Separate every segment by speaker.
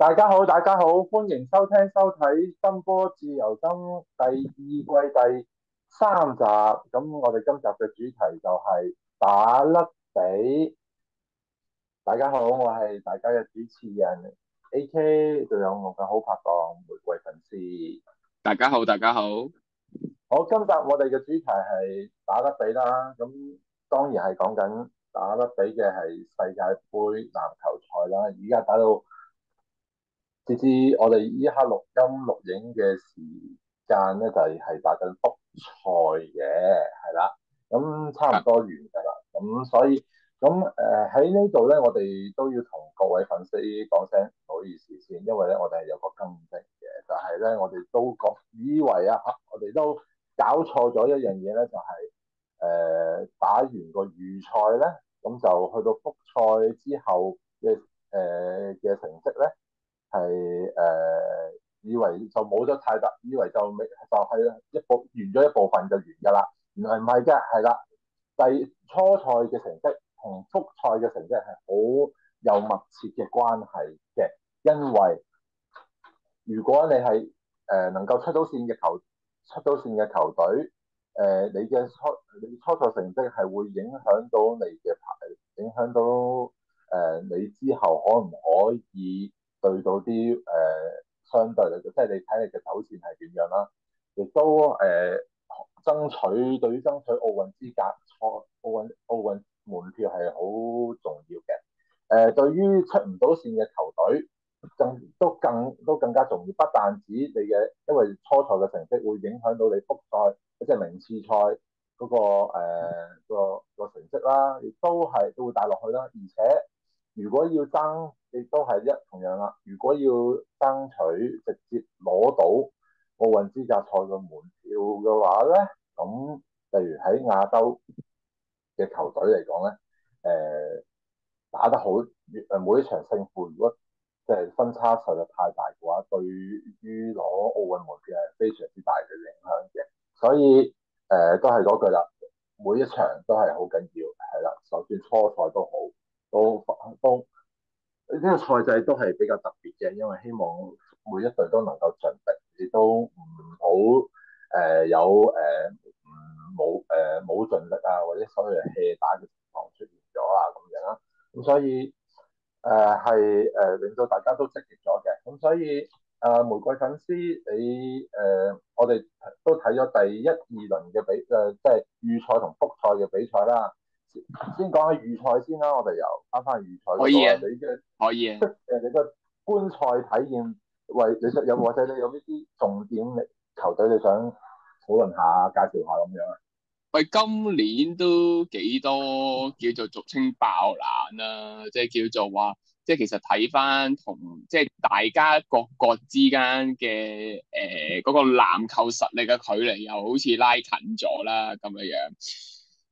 Speaker 1: 大家好，大家好，歡迎收聽收睇《斟波自由斟》第二季第三集。咁我哋今集嘅主題就係、是、打甩脾。大家好，我係大家嘅主持人 AK，仲有我嘅好拍檔玫瑰粉絲。
Speaker 2: 大家好，大家好。
Speaker 1: 好，今集我哋嘅主題係打甩脾啦。咁當然係講緊打甩脾嘅係世界盃籃球賽啦。而家打到，直至我哋依刻錄音錄影嘅時間咧，就係、是、係打緊複賽嘅，係啦，咁差唔多完㗎啦，咁所以咁，誒，喺呢度咧，我哋都要同各位粉絲講聲唔好意思先，因為咧我哋係有個更正嘅，但係咧我哋都覺以為啊，我哋都搞錯咗一樣嘢咧，就係、是、誒、呃、打完個預賽咧，咁就去到複賽之後嘅誒嘅成績咧。係誒、呃，以為就冇咗太大，以為就未就係、是、一部完咗一部分就完噶啦。原來唔係嘅，係啦，第初賽嘅成績同複賽嘅成績係好有密切嘅關係嘅。因為如果你係誒能夠出到線嘅球出到線嘅球隊，誒、呃、你嘅初你初賽成績係會影響到你嘅排，影響到誒、呃、你之後可唔可以，對到啲誒、呃，相對嚟講，即係你睇你嘅走線係點樣啦，亦都誒、呃、爭取對於爭取奧運資格、奧奧運奧運門票係好重要嘅。誒、呃，對於出唔到線嘅球隊，更都更都更加重要，不但止你嘅，因為初賽嘅成績會影響到你復賽，即係名次賽嗰個誒個個成績啦，亦都係都會帶落去啦。而且如果要爭，亦都係一同樣啦。如果要爭取直接攞到奧運資格賽嘅門票嘅話咧，咁例如喺亞洲嘅球隊嚟講咧，誒打得好，誒每一場勝負，如果即係分差實在太大嘅話，對於攞奧運門票係非常之大嘅影響嘅。所以誒、呃、都係嗰句啦，每一場都係好。賽制都係比較特別嘅，因為希望每一隊都能夠盡力，亦都唔好誒有誒唔冇誒冇盡力啊，或者所謂嘅 hea 打嘅情況出現咗啊咁樣啊。咁所以誒係誒令到大家都積極咗嘅。咁所以啊、呃、玫瑰粉絲你誒、呃，我哋都睇咗第一二輪嘅比誒，即、呃、係、就是、預賽同復賽嘅比賽啦。先講下預。菜先啦，我哋又啱翻魚菜，可以啊，你嘅的可以啊，即 你個觀賽體驗，喂你有冇者 你有呢啲重點，你球隊你想
Speaker 2: 討論下、介紹下咁樣啊？喂，今年都幾多叫做俗稱爆冷啦、啊，即、就、係、是、叫做話，即、就、係、是就是、其實睇翻同即係、就是、大家各國之間嘅誒嗰個籃球實力嘅距離，又好似拉近咗啦咁嘅樣。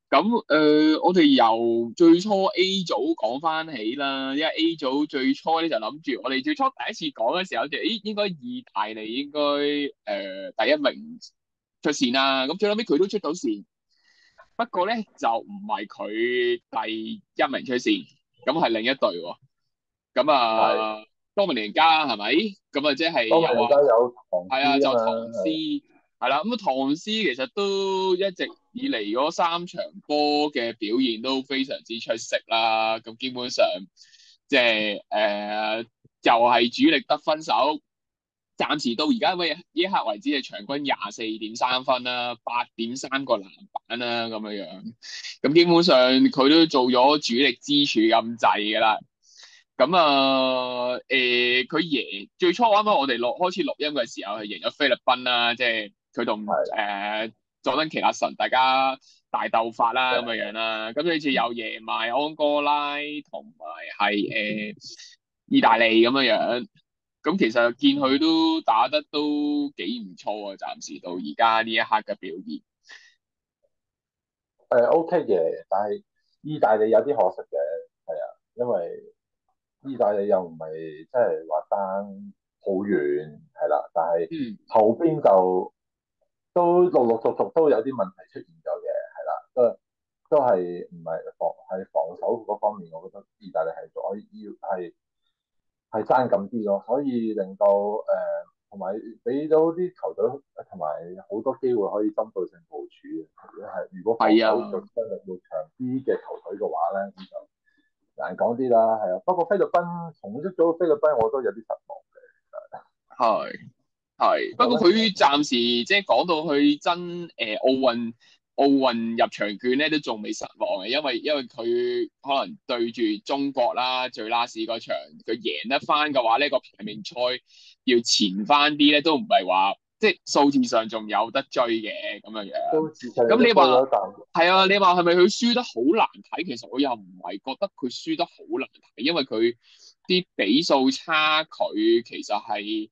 Speaker 2: 咁誒，我哋由最初 A 組講翻起啦，因為 A 組最初咧就諗住，我哋最初第一次講嘅時候就，咦，應該意大利應該誒第一名出線啦。咁最後尾佢都出到線，不過咧就唔係佢第一名出線，咁係另一隊喎。咁啊，多米尼加係咪？咁啊，即係有啊。多
Speaker 1: 米尼加有唐詩。
Speaker 2: 係啦，咁啊、嗯，唐斯其實都一直以嚟嗰三場波嘅表現都非常之出色啦。咁、嗯、基本上即係誒，又、呃、係、就係、主力得分手。暫時到而家呢一刻為止，係場均廿四點三分啦、啊，八點三個籃板啦、啊，咁樣樣。咁、嗯、基本上佢都做咗主力支柱咁滯㗎喇。咁啊誒，佢、呃欸、贏最初啱啱我哋錄開始錄音嘅時候係贏咗菲律賓啦，即係。佢同誒佐登奇拉神大家大鬥法啦、啊、咁樣樣啦，咁於是有夜賣安哥拉同埋係誒意大利咁樣樣，咁、嗯、其實見佢都打得都幾唔錯啊！暫時到而家呢一刻嘅表現
Speaker 1: 係、嗯、OK 嘅，但係意大利有啲可惜嘅，係啊，因為意大利又唔係即係話爭好遠係啦，但係後邊就。嗯都陸陸續續都有啲問題出現咗嘅，係啦，都都係唔係防係防守嗰方面，我覺得意大利係仲可以要係係爭緊啲咯，所以令到誒同埋俾到啲球隊同埋好多機會可以針對性部署。嘅，如果係如果防守進身入到強啲嘅球隊嘅話咧，咁的就難講啲啦，係啊。不過菲律賓重出咗菲律賓，律賓我都有
Speaker 2: 啲失望嘅，係。係，不過佢暫時即係講到去真誒奧運奧運入場券咧，都仲未失望嘅，因為因為佢可能對住中國啦，最 last 嗰場佢贏得翻嘅話呢，這個排名賽要前翻啲咧，都唔係話即係數字上仲有得追嘅咁樣樣。咁你話係啊？你話係咪佢輸得好難睇？其實我又唔係覺得佢輸得好難睇，因為佢啲比數差距其實係。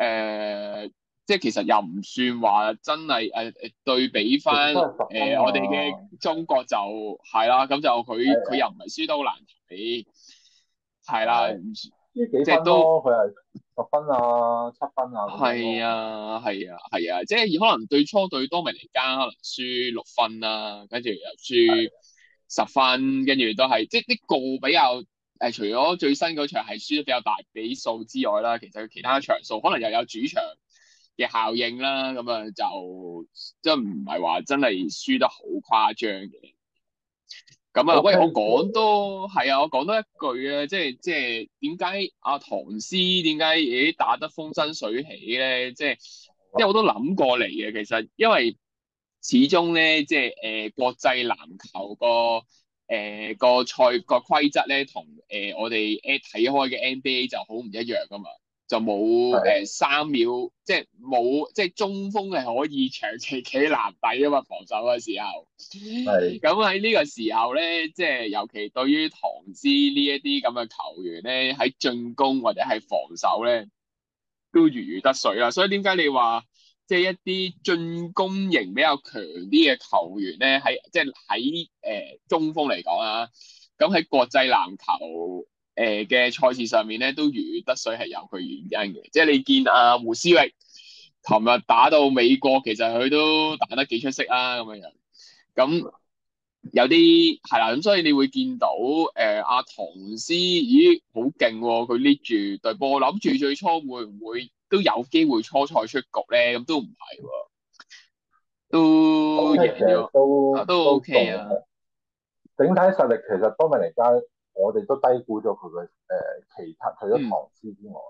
Speaker 2: 誒、呃，即係其實又唔算話真係誒誒對比翻誒、啊呃、我哋嘅中國就係啦，咁就佢佢的又唔係輸得好難睇，係啦，輸
Speaker 1: 幾分咯都，佢係
Speaker 2: 十分啊，七分啊，係啊，係啊，係啊，即係可能對初對多明尼加可能輸六分啦、啊，跟住又輸十分，跟住的都係即係啲、呢個比較。誒除咗最新嗰場係輸得比較大比數之外啦，其實其他場數可能又有主場嘅效應啦，咁啊就即係唔係話真係輸得好誇張嘅。咁啊，喂 Okay.，我講多係啊，我講多一句、就是就是、啊，即係即係點解阿唐斯點解誒打得風生水起咧？即、就、係、是、因為我都諗過嚟嘅，其實因為始終咧即係誒國際籃球個。誒、呃、個賽個規則咧，同誒、呃、我哋誒睇開嘅 NBA 就好唔一樣噶嘛，就冇誒的、呃、三秒，即係冇即係中鋒係可以長期企籃底啊嘛，防守嘅時候係。咁喺呢個時候咧，即係尤其對於唐斯呢一啲咁嘅球員咧，喺進攻或者係防守咧，都如魚得水啦。所以點解你話？即係一啲進攻型比較強啲嘅球員咧，喺即係喺誒中鋒嚟講啊，咁喺國際籃球誒嘅、呃、賽事上面咧，都如魚得水係有佢原因嘅。即、就、係、是、你見阿、啊、胡思域琴日打到美國，其實佢都打得幾出色啊咁樣樣。咁有啲係啦，咁、啊、所以你會見到誒阿唐斯，咦好勁喎！佢 lead 住隊波，我諗住最初會唔會？都有機會初賽出局咧，咁都唔係喎，都都 OK 啊。整體
Speaker 1: 實力其實多米尼加，我哋都低估咗佢嘅誒其他除咗唐斯之外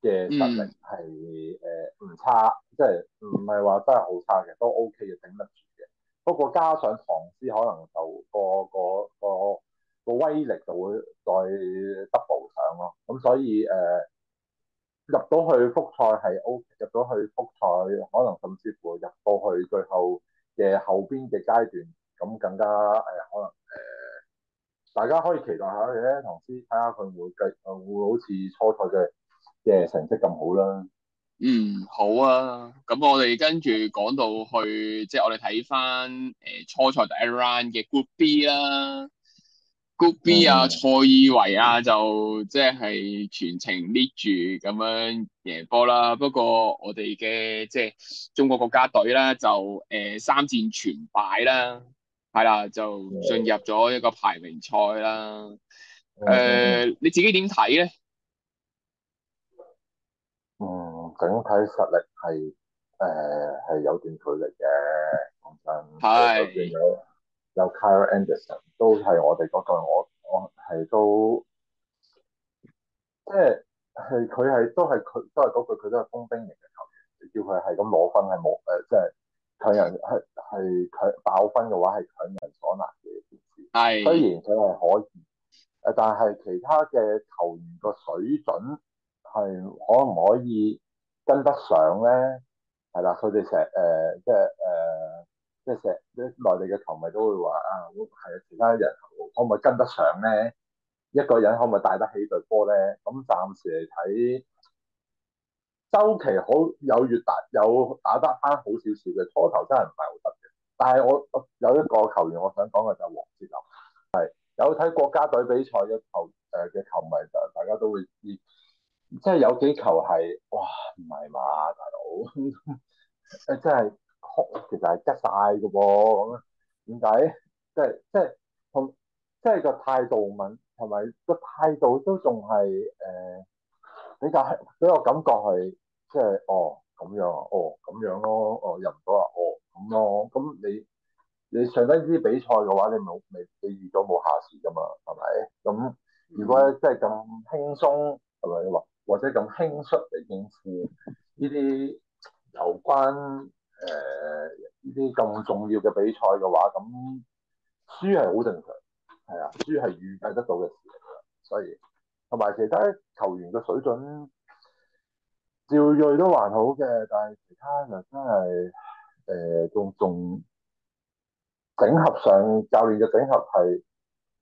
Speaker 1: 嘅、嗯、實力係誒唔差，即係唔係話真係好差嘅，都 OK 嘅頂得住嘅。不過加上唐斯，可能就個個個個威力就會再 double 上咯。咁所以誒。呃入到去複賽係 OK，入到去複賽可能甚至乎入到去最後嘅後邊嘅階段，咁更加誒、欸、可能誒、欸，大家可以期待下嘅，同時睇下佢會唔會好似初賽嘅嘅、欸、成績咁好啦。嗯，
Speaker 2: 好啊。咁我哋跟住講到去，即、就、係、是、我哋睇翻誒初賽第一 round 嘅 group B 啦。g o o b 啊，塞爾維亞啊，就即係全程 lead 住咁樣贏波啦。不過我哋嘅即係中國國家隊咧，就誒、呃、三戰全敗啦，係啦，就進入咗一個排名賽啦。誒，你自己點睇咧？
Speaker 1: 嗯，整體實力
Speaker 2: 係誒係有段距
Speaker 1: 離嘅，講真。係。有 Kyle Anderson 都係我哋嗰句，我我係都即係係佢係都係佢都係嗰句，佢都係攻兵型嘅球員。叫佢係咁攞分係冇誒，即係強人係係強爆分嘅話係強人所難嘅一件
Speaker 3: 事。係的雖然
Speaker 1: 佢係可以誒，但係其他嘅球員個水準係可唔可以跟得上咧？係啦，佢哋成日誒即係誒。呃即係成啲內地嘅球迷都會話啊，係啊，其他人可唔可以跟得上咧？一個人可唔可以帶得起隊波咧？咁暫時嚟睇周琦好有越打，有打得翻好少少嘅拖球真係唔係好得嘅。但係我有一個球員我想講嘅就係王哲林，係有睇國家隊比賽嘅球誒嘅、呃、球迷就大家都會知，即係有幾球係哇唔係嘛，大佬誒即係。 其實係吉晒嘅喎，咁點解即係即係同即係個態度問係咪個態度都仲係誒比較俾我感覺係即係哦咁樣啊，哦咁樣咯，哦入唔到啊，哦咁咯，咁你你上低呢啲比賽嘅話，你咪咪你預咗冇下次㗎嘛，係咪？咁如果真係咁輕鬆係咪啊？或者咁輕率嚟應付呢啲有關？誒，呢啲咁重要嘅比賽嘅話，咁輸係好正常，係啊，輸係預計得到嘅事嚟噶，啊，所以同埋其他球員嘅水準，趙睿都還好嘅，但係其他就真係誒，仲、呃、仲整合上教練嘅整合係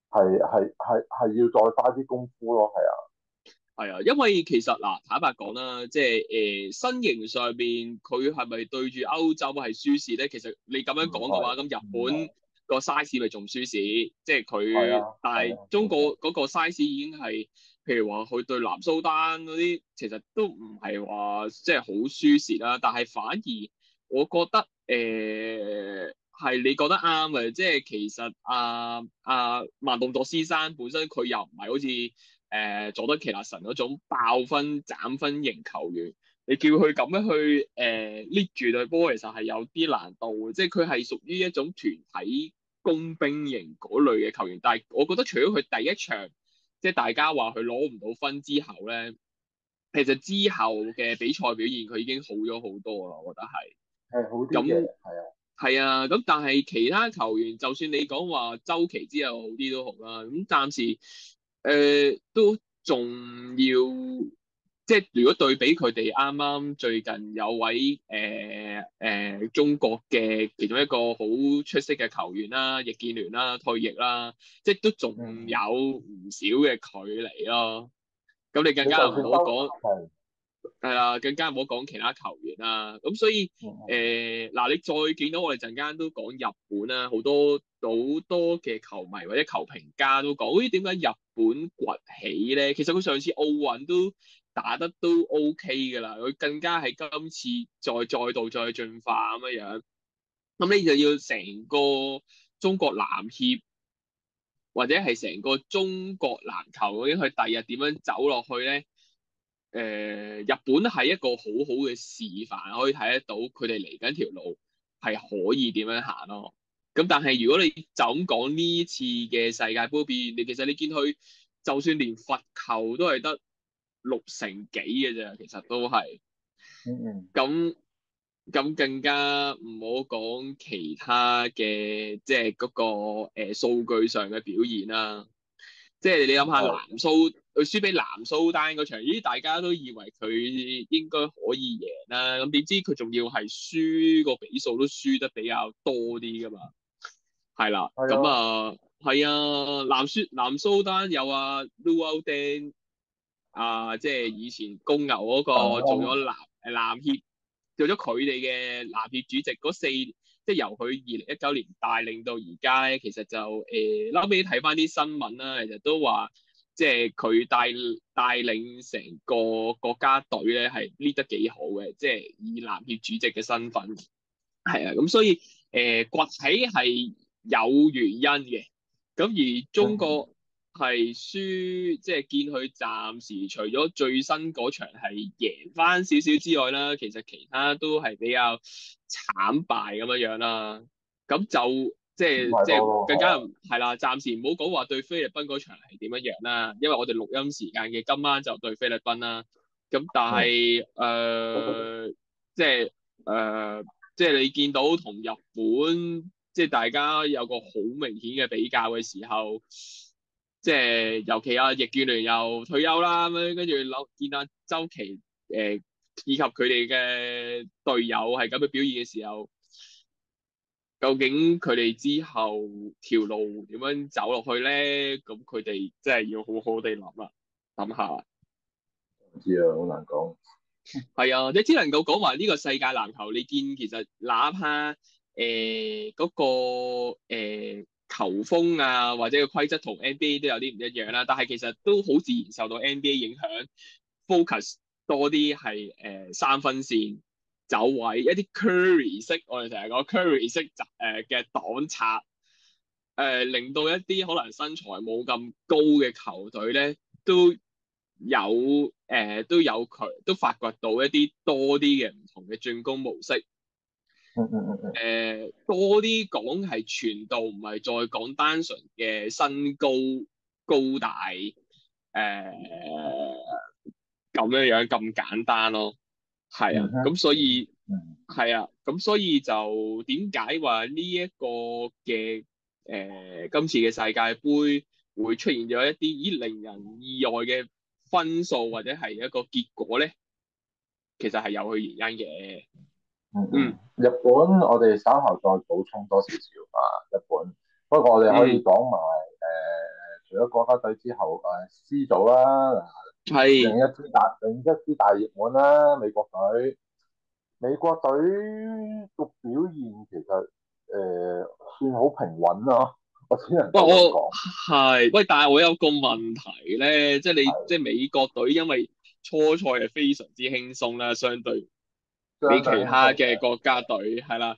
Speaker 1: 係係係係要再花啲功夫咯，係啊。係
Speaker 2: 啊，因為其實嗱，坦白講啦，即係誒、呃，身形上面，佢係咪對住歐洲係輸蝕咧？其實你咁樣講嘅話，咁是日本個 size 咪仲輸蝕，即係佢。的但係中國嗰個 size 已經係，譬如話佢對南蘇丹嗰啲，其實都唔係話即係好輸蝕啦。但係反而我覺得誒，係、呃、你覺得啱嘅，即係其實阿阿孟棟鐸先生本身佢又唔係好似。誒、呃，佐德奇納神嗰種爆分斬分型球員，你叫佢咁樣去誒 lift 住對波，其實係有啲難度，即係佢係屬於一種團體工兵型嗰類嘅球員。但係我覺得，除咗佢第一場即係大家話佢攞唔到分之後咧，其實之後嘅比賽表現佢已經好咗好多啦。我覺得係係好咁，嘅，係樣啊，係啊。咁但係其他球員， 就算你講話周琦之後好啲都好啦。咁暫時。誒、呃、都仲要，即係如果對比佢哋啱啱最近有位誒誒、呃呃、中國嘅其中一個好出色嘅球員啦，易建聯啦退役啦，即係都仲有唔少嘅距離咯。咁你更加唔好講。係啦，更加唔好講其他球員啦。咁所以誒，嗱、嗯呃，你再見到我哋陣間都講日本啦，好多好多嘅球迷或者球評家都講，咦，點解日本崛起咧？其實佢上次奧運都打得都 OK 噶啦，佢更加係今次再再度再進化咁樣樣。咁你就要成個中國籃協，或者係成個中國籃球，究竟佢第日點樣走落去咧？誒，日本係一個好好嘅示範，可以睇得到佢哋嚟緊條路係可以點樣行咯。咁但係如果你就咁講呢次嘅世界盃表現，你其實你見佢就算連罰球都係得六成幾嘅啫，其實都係。咁咁更加唔好講其他嘅，即係嗰個誒、呃、數據上嘅表現啦、啊。即係你諗下南蘇，佢輸俾南蘇丹嗰場，咦？大家都以為佢應該可以贏啦、啊，咁點知佢仲要係輸個比數都輸得比較多啲噶嘛？係啦，咁、哎、呀啊，係啊，南蘇南蘇丹有啊 Luol Deng 啊，即係以前公牛嗰、那個藍藍協、做咗籃、誒籃協、做咗佢哋嘅籃協主席嗰四。即係由佢二零一九年帶領到而家咧，其實就誒，後尾睇翻啲新聞啦，其實都話即係佢帶帶領成個國家隊咧係攣得幾好嘅，即係以籃協主席嘅身份，係啊，咁、嗯、所以誒崛、呃、起係有原因嘅，咁而中國。係輸即係、就是、見佢暫時除咗最新嗰場係贏返少少之外啦，其實其他都係比較慘敗咁樣樣啦。咁就即係即係更加係啦的。暫時唔好講話對菲律賓嗰場係點樣樣啦，因為我哋錄音時間嘅今晚就對菲律賓啦。咁但係誒、呃，即係誒，即係你見到同日本即係大家有個好明顯嘅比較嘅時候。即係尤其阿易建聯又退休啦，咁樣跟住見阿周琦誒、呃，以及佢哋嘅隊友係咁去表現嘅時候，究竟佢哋之後條路點樣走落去咧？咁佢哋真係要好好地諗啦，諗下。
Speaker 3: 唔知啊，好難
Speaker 2: 講。係 啊，你只能夠講話呢個世界籃球，你見其實哪怕誒嗰、呃那個、呃球風啊，或者個規則同 NBA 都有啲唔一樣啦、啊，但係其實都好自然受到 NBA 影響 ，focus 多啲係誒三分線走位，一啲 Curry 式我哋成日講 Curry 式誒嘅擋拆，誒、呃呃、令到一啲可能身材冇咁高嘅球隊咧都有誒、呃、都有佢、呃、都發掘到一啲多啲嘅唔同嘅進攻模式。誒，uh, 多啲講係傳導，唔係再講單純嘅身高高大，誒、uh, 咁樣樣咁簡單咯，係啊，咁所以係啊，咁所以就點解話呢一個嘅誒、uh, 今次嘅世界盃會出現咗一啲咦令人意外嘅分數或者係一個結果咧，其實係有佢原因嘅。
Speaker 1: 嗯，嗯日本、嗯、我哋稍後再補充多少少啊。日本，不過我哋可以講埋誒，除咗國家隊之後誒、呃、C 組啦，係、呃、是另一支大另一支大熱門啦，美國隊。美國隊個表現其實誒、呃、算好平穩咯、啊。我請人幫我講。
Speaker 2: 係，喂，但係我有個問題咧，即係你是即係美國隊，因為初賽係非常之輕鬆啦，相對。比其他嘅國家隊係啦。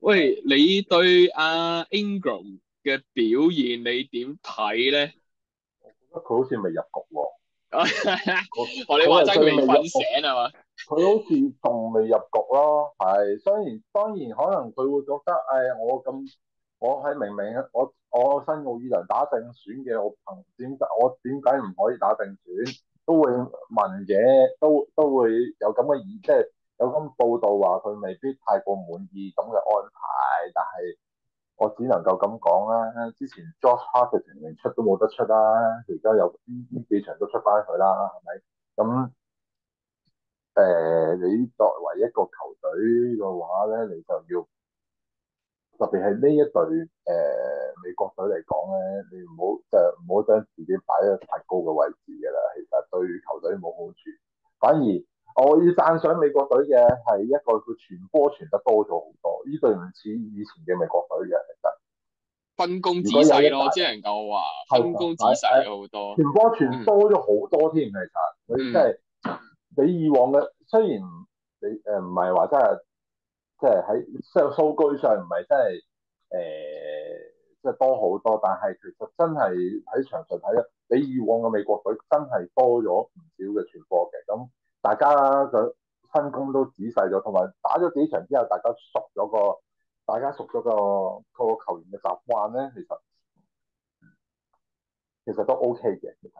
Speaker 2: 喂，你對阿、uh, Ingram 嘅表現你點睇咧？我覺得佢好似未入局。 我你話真係未
Speaker 1: 瞓醒係嘛？佢好似仲未入局咯。係， 雖然當然可能佢會覺得誒、哎，我咁我喺明明我我新奧爾良打正選嘅，我憑點解我點解唔可以打正選？都會問嘅，都都會有咁嘅意，即係。有份報道話佢未必太過滿意咁嘅安排，但係我只能夠咁講啦。之前 Josh Hart 嘅評論出都冇得出啦，而家有呢呢幾場都出翻佢啦，係咪？咁誒、呃，你作為一個球隊嘅話咧，你就要特別係呢一隊誒、呃、美國隊嚟講咧，你唔好就唔好將自己擺喺太高嘅位置㗎啦。其實對球隊冇好處，反而。我要讚賞美國隊嘅係一個叫，傳波傳得多咗好多，呢隊唔似以前嘅美國隊嘅，其實分工仔細咯，我只能
Speaker 3: 夠話分工仔細好多，傳波、嗯、傳多
Speaker 1: 咗好多添。嗯、其實佢即係比以往嘅，雖然你誒唔係話真係即係喺上數據上唔係真係誒即係多好多，但係其實真係喺場上睇咧，比以往嘅、呃就是呃就是、美國隊真係多咗唔少嘅傳播嘅咁。大家個分工都仔細咗，同埋打咗幾場之後，大家熟咗個，大家熟咗個個球員嘅習慣咧，其實、嗯、
Speaker 2: 其實都 OK 嘅。其實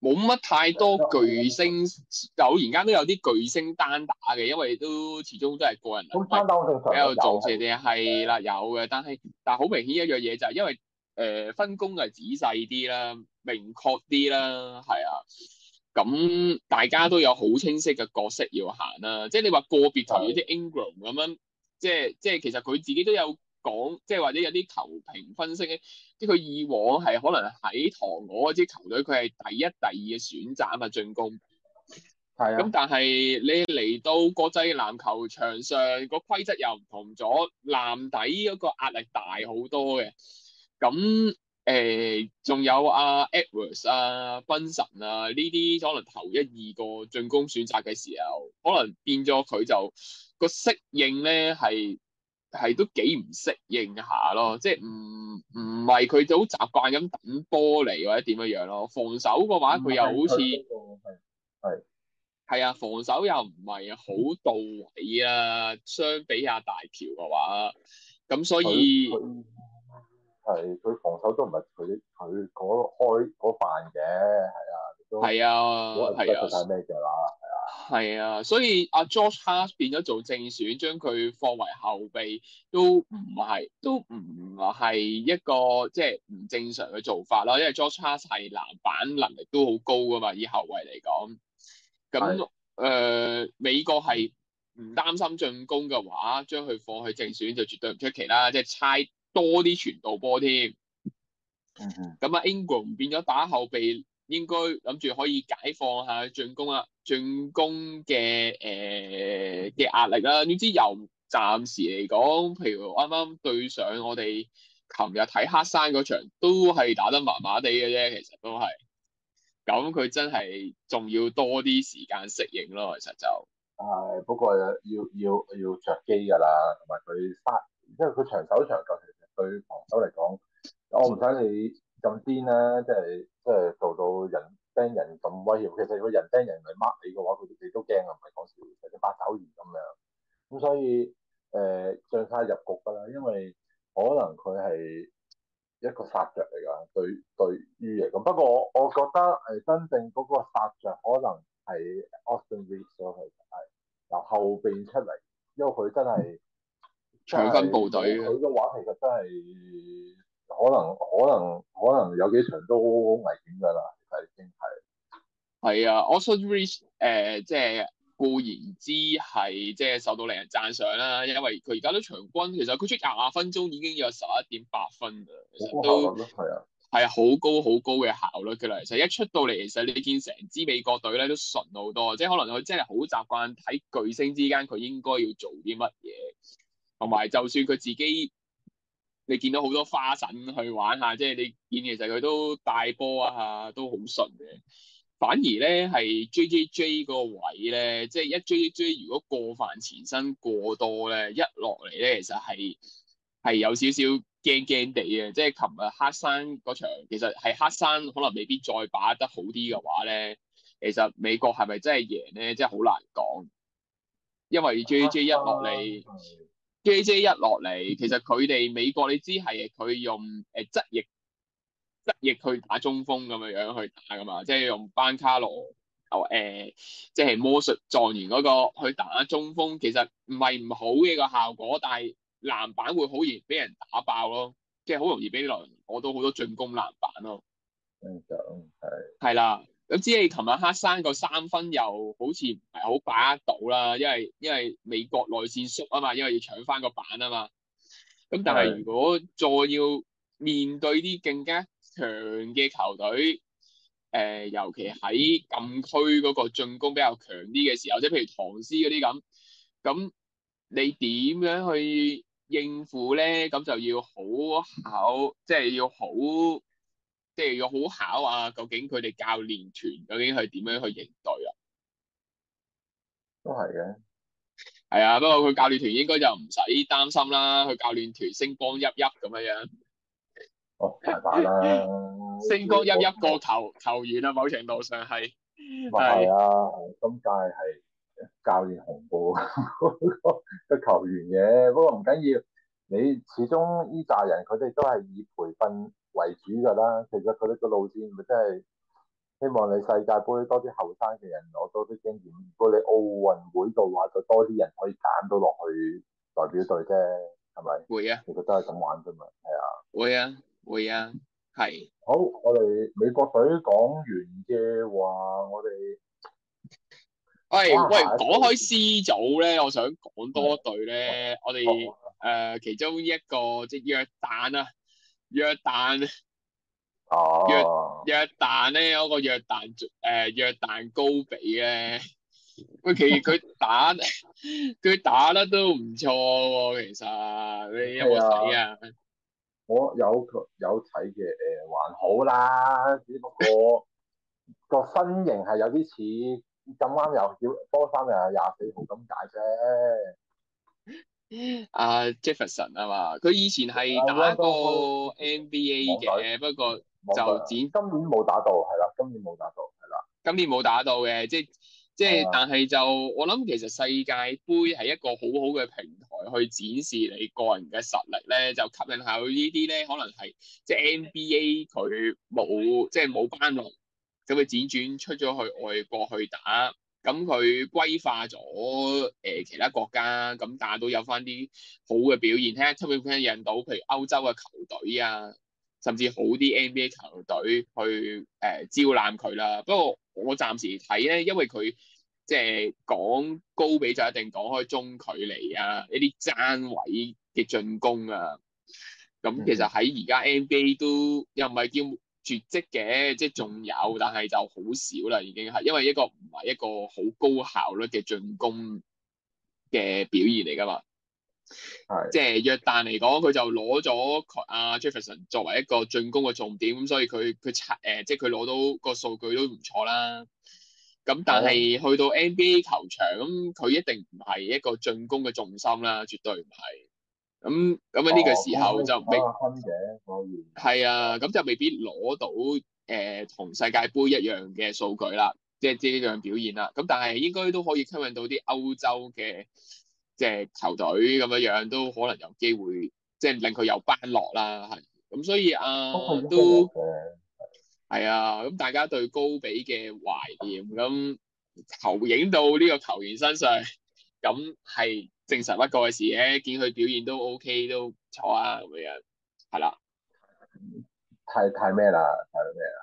Speaker 2: 冇乜太多巨星，偶然間都有啲巨星單打嘅，因為都始終都
Speaker 1: 係個人能力比較造勢啲。
Speaker 2: 係啦是，有嘅，但係但係好明顯一樣嘢就係，因為誒、呃、分工就係仔細啲啦，明確啲啦，係啊。咁大家都有好清晰嘅角色要行啦、啊就是的，即係你話個別球員啲 Ingram 咁樣，即係即係其實佢自己都有講，即係或者有啲球評分析咧，即係佢以往係可能喺唐俄嗰支球隊，佢係第一、第二嘅選擇啊嘛進攻，係啊的，咁但係你嚟到國際籃球場上，個規則又唔同咗，籃底嗰個壓力大好多嘅，咁。誒，仲、欸、有阿 Edwards 啊，Brunson 啊，呢啲，啊啊、可能頭一二個進攻選擇嘅時候，可能變咗佢就個適應咧，係係都幾唔適應下咯，即係唔唔係佢就好習慣咁等波嚟，或者點樣樣咯。防守嘅話，佢又好似係係啊，防守又唔係好到位啊，相比下大橋嘅話，
Speaker 1: 咁所以。係佢防守都唔係佢佢嗰
Speaker 2: 開嗰辦嘅，係啊，都係啊，都係咩嘅啦，係啊，係啊，啊，所以阿 George Hart 變咗做正選，將佢放為後備都唔係，都唔係一個即係唔正常嘅做法啦。因為 George Hart 係籃板能力都好高噶嘛，以後衛嚟講，咁誒呃，美國係唔擔心進攻嘅話，將佢放去正選就絕對唔出奇啦，即係猜。多啲傳導波添，咁啊，Ingram 變咗打後備，應該諗住可以解放下進攻啦，進攻嘅誒嘅壓力啦。點知又暫時嚟講，譬如啱啱對上我哋琴日睇黑山嗰場都係打得麻麻地嘅啫。其實都係咁，佢真係仲要多啲時間適應咯。其實就
Speaker 1: 誒、哎，不過要要要着機噶啦，同埋佢沙，因為佢長手長。對防守嚟講，我唔使你咁癲啦，即係即係做到人釘人咁威脅。其實如果人釘人嚟 mark 你嘅話，佢哋都驚啊，唔係講笑，就似八爪魚咁樣。咁所以誒，將、呃、他入局噶啦，因為可能佢係一個殺着嚟噶，對對於嚟講。不過我我覺得誒，真正嗰個殺着可能係 Austin Reaves 咯，係嗱後邊出嚟，因為佢真係。長軍部隊佢
Speaker 2: 嘅話其實真係可能
Speaker 1: 可能可能有幾場都危險㗎啦。已經係
Speaker 2: 係啊，Austin Reaves 誒，即係、really, 呃就是、固然之係即係受到令人讚賞啦，因為佢而家都長軍，其實佢出廿分鐘已經有十一點八分㗎，其實都係啊，係好高好高嘅效率㗎啦。其實一出到嚟，其實你見成支美國隊咧都順好多，即、就、係、是、可能佢真係好習慣喺巨星之間佢應該要做啲乜嘢。同埋，就算佢自己，你見到好多花神去玩下，即係你見其實佢都帶波啊，都好順嘅。反而咧係 J J J 嗰個位咧，即係一 J J J 如果過範前身過多咧，一落嚟咧其實係係有少少驚驚地嘅。即係琴日黑山嗰場，其實係黑山可能未必再把握得好啲嘅話咧，其實美國係咪真係贏咧，真係好難講。因為 J J J 一落嚟。J.J. 一落嚟，其實佢哋美國你知係佢用誒側翼側翼去打中鋒咁樣樣去打㗎嘛，即係用班卡羅哦誒，即、欸、係、就係、魔術狀元嗰個去打中鋒，其實唔係唔好嘅個效果，但係籃板會好易俾人打爆咯，即係好容易俾你攞到好多進攻籃板咯。咁係係啦。嗯嗯。咁知你琴日黑山個三分又好似唔係好把握到啦，因為因為美國內線縮啊嘛，因為要搶翻個板啊嘛。咁但係如果再要面對啲更加強嘅球隊，誒，尤其喺禁區嗰個進攻比較強啲嘅時候，即係譬如唐斯嗰啲咁，咁你點樣去應付咧？咁就要好考，即係要好。即係要好考啊！究竟佢哋教練團究竟係點樣去應對啊？都係嘅，係啊，不過佢教練團應該就唔使擔心啦。佢教練團星光熠熠咁樣，
Speaker 1: 哦，啦！
Speaker 2: 星 光熠熠個球球員啊，某程度上係，唔係啊，
Speaker 1: 是今屆係教練紅布個 球員嘅，不過唔緊要，你始終呢扎人佢哋都係以培訓。為主噶啦，其實佢呢個路線咪真係希望你世界杯多啲後生嘅人攞多啲經驗。如果你奧運會度話，就多啲人可以揀到落去代表隊啫，係咪？會啊，其實都係咁玩啫嘛，係啊。會啊，會啊，係。好，我哋美國隊講完嘅話，我哋，
Speaker 2: 喂喂，講開 C 組咧，我想講多隊咧，我哋誒，其中一個即係約旦啊。約旦哦，約約旦咧，有、嗰個約旦誒，約、呃、旦高比咧，喂，其實佢打佢 打得都唔錯喎，其實你有冇睇啊，啊？我有有睇嘅，誒、呃，還好啦，
Speaker 1: 只不過 個身形係有啲似咁啱，又要波衫，又係廿四號咁解啫。
Speaker 2: 阿、uh, Jefferson 啊嘛，佢以前係打過 NBA 嘅， 不過就展 今年冇打到，係啦，今年冇打到，係啦，今年冇打到嘅，即即係，的但係就我諗其實世界杯係一個好好嘅平台去展示你個人嘅實力咧，就吸引下呢啲咧，可能係即係 NBA 佢冇即係冇班落，咁佢輾轉出咗去外國去打。咁佢歸化咗誒、呃、其他國家，咁但係都有翻啲好嘅表現，聽 Triple Crown 引到譬如歐洲嘅球隊啊，甚至好啲 NBA 球隊去誒、呃、招攬佢啦。不過我暫時睇咧，因為佢即係講高比就一定講開中距離啊，一啲爭位嘅進攻啊。咁其實喺而家 NBA 都又唔係叫。絕跡嘅，即係仲有，但係就好少啦，已經係因為一個唔係一個好高效率嘅進攻嘅表現嚟㗎嘛。係的，即係約旦嚟講，佢就攞咗阿 Jefferson 作為一個進攻嘅重點，所以佢佢誒，即係佢攞到個數據都唔錯啦。咁但係的去到 NBA 球場，咁、嗯、佢一定唔係一個進攻嘅重心啦，絕對唔係。咁
Speaker 3: 咁喺呢個時候就未
Speaker 2: 必啊，咁就未必攞到誒同、呃、世界杯一樣嘅數據啦，即係呢樣表現啦。咁但係應該都可以吸引到啲歐洲嘅即係球隊咁樣樣，都可能有機會即係令佢有班落啦。係咁、啊嗯，所以啊、哦嗯、都係、嗯嗯、啊，咁大家對高比嘅懷念，咁、嗯、投影到呢個球員身上。 咁係正常不過嘅事嘅，見佢表現都 O、OK, K 都錯啊咁樣，係啦，
Speaker 1: 太太咩啦？太咩啦？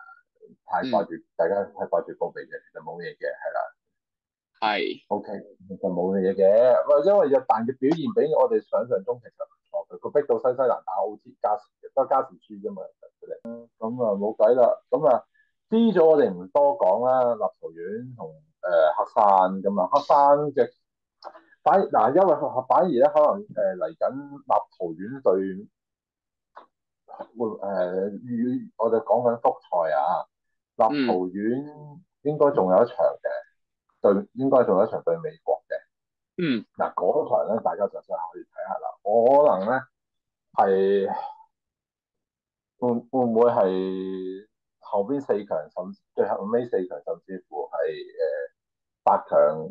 Speaker 1: 太掛住大家，太掛住報名啫，的 okay，其實冇嘢嘅，係啦，係 O K，其實冇嘢嘅。唔係因為約旦嘅表現比我哋想象中其實唔錯，佢逼到新西，西蘭打好似加時，都加時輸啫嘛。咁啊冇計啦，咁啊知咗我哋唔多講啦。立陶宛同誒黑山咁啊，黑山嘅。反而嗱，因為反而咧，可能誒嚟緊立陶宛對誒預、呃、我哋講緊複賽啊，立陶宛應該仲有一場嘅，對應該仲有一場對美國嘅。嗯、呃。嗱嗰場咧，大家就真可以睇下啦。我可能咧係會會唔會係後邊四強甚最後尾四強甚至乎係誒、呃、八強？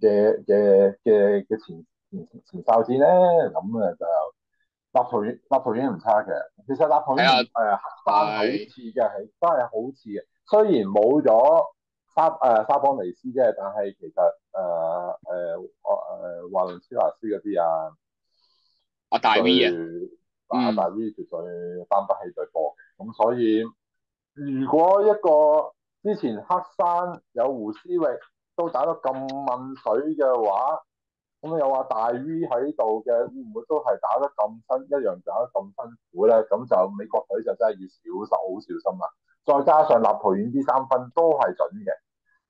Speaker 1: 嘅嘅嘅嘅前前前哨戰咧，咁啊就立陶宛立陶宛唔差嘅，其實立陶宛係啊黑山好似嘅，係真係好似嘅，雖然冇咗沙誒、呃、沙邦尼斯啫，但係其實誒誒誒華倫斯拉斯嗰啲啊，
Speaker 3: 阿大 V 啊，
Speaker 1: 阿大 V 絕對擔不起對波嘅，咁所以如果一個之前黑山有胡思域。都打得咁掹水嘅話，咁又話大 V 喺度嘅，會唔會都係打得咁辛一樣打得咁辛苦咧？咁就美國隊就真係要小心，好小心啊！再加上立陶宛啲三分都係準嘅，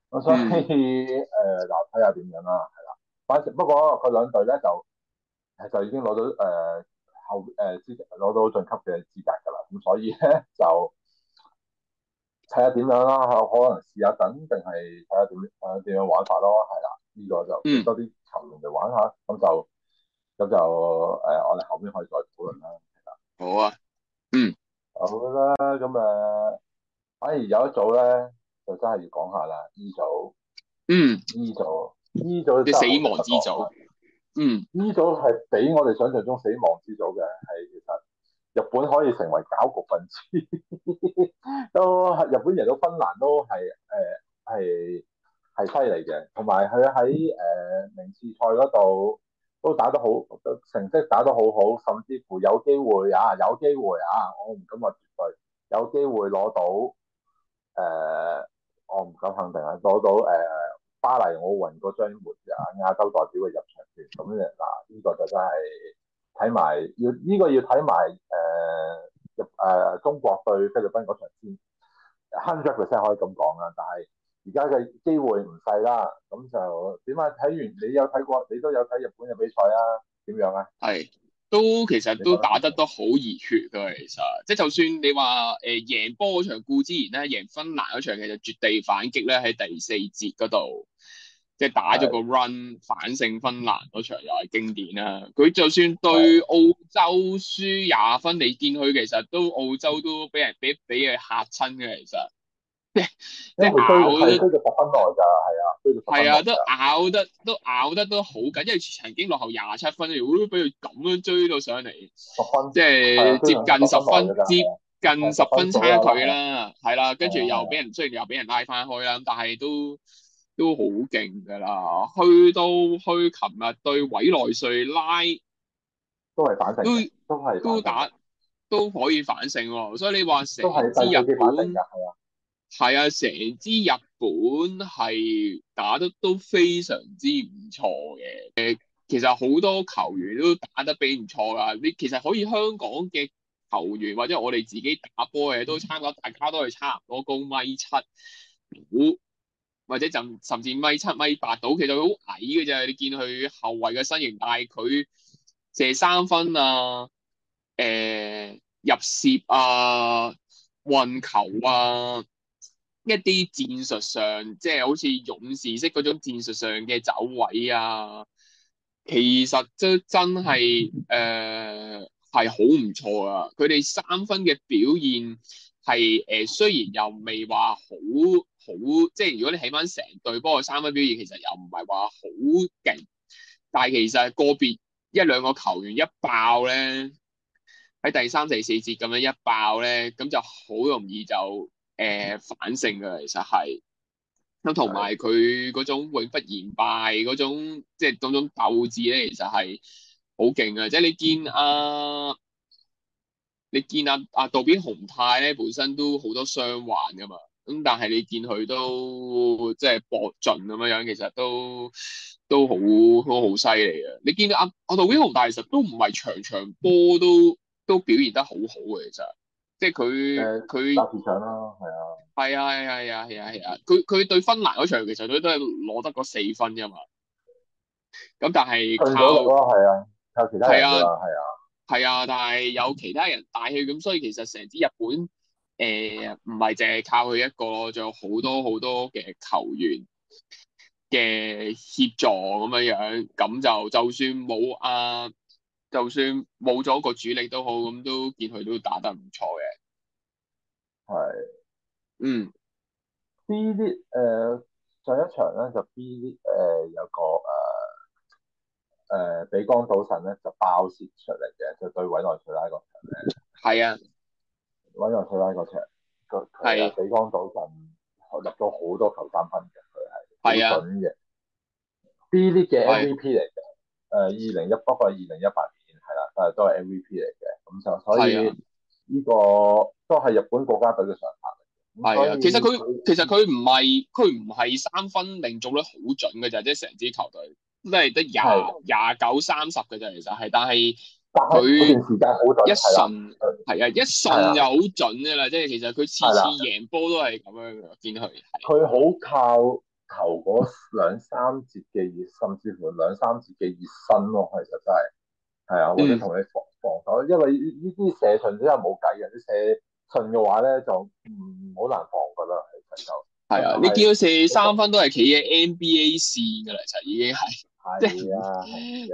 Speaker 1: 我所以誒嗱，睇下點樣啦，係啦。反正不過佢兩隊咧就就已經攞到誒、呃、後誒資格攞到晉級嘅資格㗎啦。咁所以咧就。睇下點樣啦，可能試下等定係睇下點，誒點樣玩法咯，係啦，呢、這個就、嗯、多啲球員嚟玩下，咁就咁就誒，我、呃、哋後面可以再討論啦，係啦。好啊，嗯，好啦，咁誒，反而有一組咧，就真係要講下啦，E 組，嗯，E 組，E 組，死亡之組，嗯，E 組係比我哋想象中死亡之組嘅，係其實。日本可以成為搞局分子。 都，都日本贏到芬蘭都係誒係係犀利嘅，同埋佢喺誒名次賽嗰度都打得好，成績打得好好，甚至乎有機會啊，有機會啊，我唔敢話絕對有機會攞到誒、呃，我唔敢肯定啊，攞到誒、呃、巴黎奧運嗰張門啊，亞洲代表嘅入場券，咁嗱，呢、啊呢個就真係～睇埋要呢、這個要睇埋誒日誒中國對菲律賓嗰場先 hundred percent 可以咁講啊，但係而家嘅機會唔細啦，咁就點解？睇完你有睇過，你都有睇日本嘅比賽啦、啊，點樣啊？
Speaker 2: 係都其實都打得都好熱血㗎，其實即係就算你話誒贏波嗰場固之然咧，贏芬蘭嗰場其實絕地反擊咧喺第四節嗰度。即係打咗個 run 反勝芬蘭嗰場又係經典啦、啊。佢就算對澳洲輸廿分，你見佢其實都澳洲都俾人俾俾佢嚇親嘅。其實
Speaker 1: 即係即係咬都追到十分內㗎，係啊，追啊，都
Speaker 2: 咬得都咬得都好緊，因為曾經落後廿七分，我都俾佢咁樣追到上嚟，十分即係接近十分，分就係、接近十分差距啦，係啦，啊啊、跟住又俾人雖然又俾人拉翻開啦，但係都。都好勁噶啦，去到去琴日對委內瑞拉都係反勝，都都係都打都可以反勝，所以你話成支日本係啊，成支、啊、日本係打得都非常之唔錯嘅。誒，其實好多球員都打得比唔錯噶。你其實可以香港嘅球員或者我哋自己打波嘅都差唔多，大家都係差唔多高米七五，或者甚甚至米七米八到，其實好矮嘅啫。你見佢後衛嘅身形，但係佢射三分啊、誒、呃、入攝啊、運球啊，一啲戰術上，即係好似勇士式嗰種戰術上嘅走位啊，其實真真係誒係好唔錯啊！佢哋三分嘅表現係誒、呃、雖然又未話好。好，即係如果你起翻成隊波嘅三分表現，其實又唔係話好勁，但係其實個別一兩個球員一爆咧，喺第三、第四節咁樣一爆咧，咁就好容易就誒、呃、反勝嘅。其實係咁，同埋佢嗰種永不言敗嗰種即係嗰種鬥志咧，其實係好勁呀。即係你見啊，你見啊啊渡邊雄太咧，本身都好多傷患噶嘛。咁但係你見佢都即係搏盡咁樣樣，其實都都好都好犀利啊！你見到阿阿渡邊雄太其實，都唔係場場波都都表現得好好嘅，其實即係佢佢特別場啦，係啊，係啊係啊係啊係啊！佢佢對芬蘭嗰場其實佢都係攞得嗰四分咋嘛。咁但係靠
Speaker 1: 係啊，靠其他人係
Speaker 2: 啊係啊係啊，但係有其他人帶佢，咁所以其實成支日本。誒，唔係淨係靠佢一個咯，仲有好多好多嘅球員嘅協助咁樣樣。咁就就算冇啊，就算冇咗、啊、個主力都好，咁都見佢都打得唔錯嘅。係
Speaker 1: 是，嗯，呢啲、呃、誒，上一場咧就 B 啲、呃、誒，有個誒誒、呃，比江島神咧就爆線出嚟嘅，就對委內瑞拉個場咧。係啊。揾咗佢米個尺，佢佢啊，比江島慎，入咗好多球三分嘅，佢係好準嘅。B 啲嘅 MVP 嚟嘅，誒二零一，不過二零一八年係啦，啊，都係都係 MVP 嚟嘅，咁就所以呢個都係日本國家隊嘅常客嚟
Speaker 2: 嘅。係啊，所以 其實佢他其實佢唔係佢唔係三分命中率好準嘅，就係即係成支球隊都係得廿廿九三十嘅啫，其實係，但係。佢嗰段時
Speaker 1: 間好準，
Speaker 2: 係啦， 啊，一瞬就好準噶啦，啊、即係其實佢次次贏波都係咁樣嘅。啊、見佢。佢好、啊、靠頭嗰兩三
Speaker 1: 節嘅熱， 甚至乎兩三節嘅熱身咯。其實真係係啊，或者同你防、嗯、防守，因為呢啲射順真係冇計嘅，你射順嘅話咧就唔
Speaker 2: 好難防噶啦。其實就係啊，啊就係、你見到射三分都係企喺 NBA 線㗎啦，其實已經係。係啊，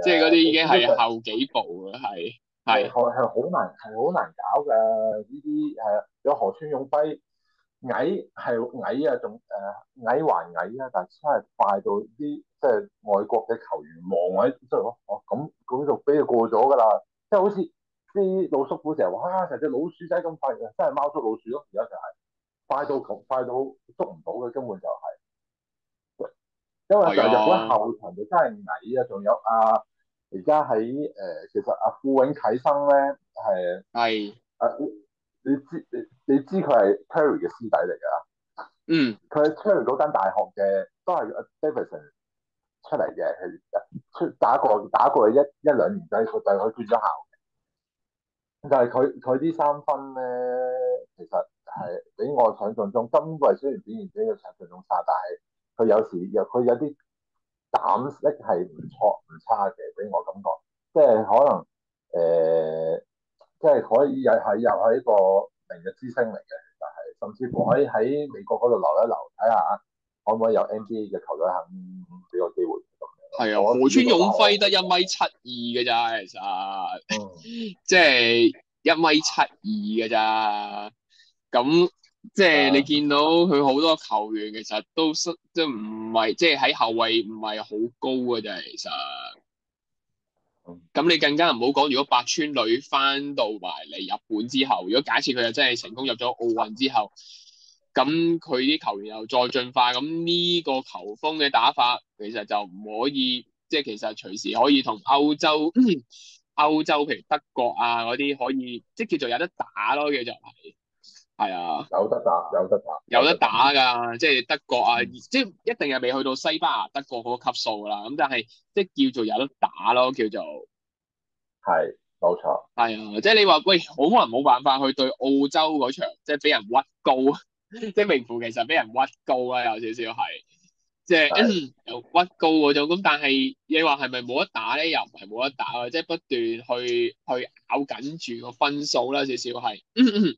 Speaker 2: 即係嗰啲已經係後幾步嘅，係
Speaker 1: 係係好難係好難搞㗎。呢啲係啊，有河村勇輝矮係矮啊，仲誒矮還矮啊，但係真係快到啲即係外國嘅球員望喺度咯。哦，咁咁就俾佢過咗㗎啦，即係好似啲老叔父成日話啊，就係隻老鼠仔咁快啊，真係貓捉老鼠咯，而家就係快到咁，快到捉唔到嘅，根本就係、是。因為就日本後場就真係泥啊，仲有啊，而家喺誒，其實阿、啊、富永啓生咧，係係阿你知你你知佢係 Terry 嘅師弟嚟噶，嗯，佢係 Terry 嗰間大學嘅都係阿 Davidson 出嚟嘅，佢出打過打過一一兩年仔，就就是、佢轉咗校，但係佢佢啲三分咧，其實係比我想象中，今季雖然表現比佢嘅想象中差，但係。佢有時又佢有啲膽識係唔錯唔差嘅，俾我感覺，即係可能誒、呃，即係可以又係又係一個明日之星嚟嘅，其實係甚至乎可以喺美國嗰度留一留，睇下可唔可以有 NBA 嘅球隊肯俾個機會。咁樣係啊，我胡川勇輝
Speaker 2: 得一米七二嘅啫，其實即係一米七二嘅咋咁。即係你見到佢好多球員其實都失，即係唔係，即係喺後衛唔係好高嘅，就係其實。咁你更加唔好講，如果八村壘翻到埋嚟日本之後，如果假設佢又真係成功入咗奧運之後，咁佢啲球員又再進化，咁呢個球風嘅打法其實就唔可以，即係其實隨時可以同歐洲、歐洲譬如德國啊嗰啲可以，即係叫做有得打咯其實就係。係啊，有得打，有得打，有得打噶，打即係德國啊，嗯、即係一定係未去到西班牙德國嗰個級數啦。咁但係即係叫做有得打咯，叫做係冇錯。係啊，即係你話喂，好可能冇辦法去對澳洲嗰場，即係俾人屈高， 即係名副其實俾人屈高啊。有少少係，即係是、嗯、屈高嗰、啊、種。咁但係你話係咪冇得打咧？又唔係冇得打啊，即係不斷去去，去咬緊住個分數啦、啊，少少係。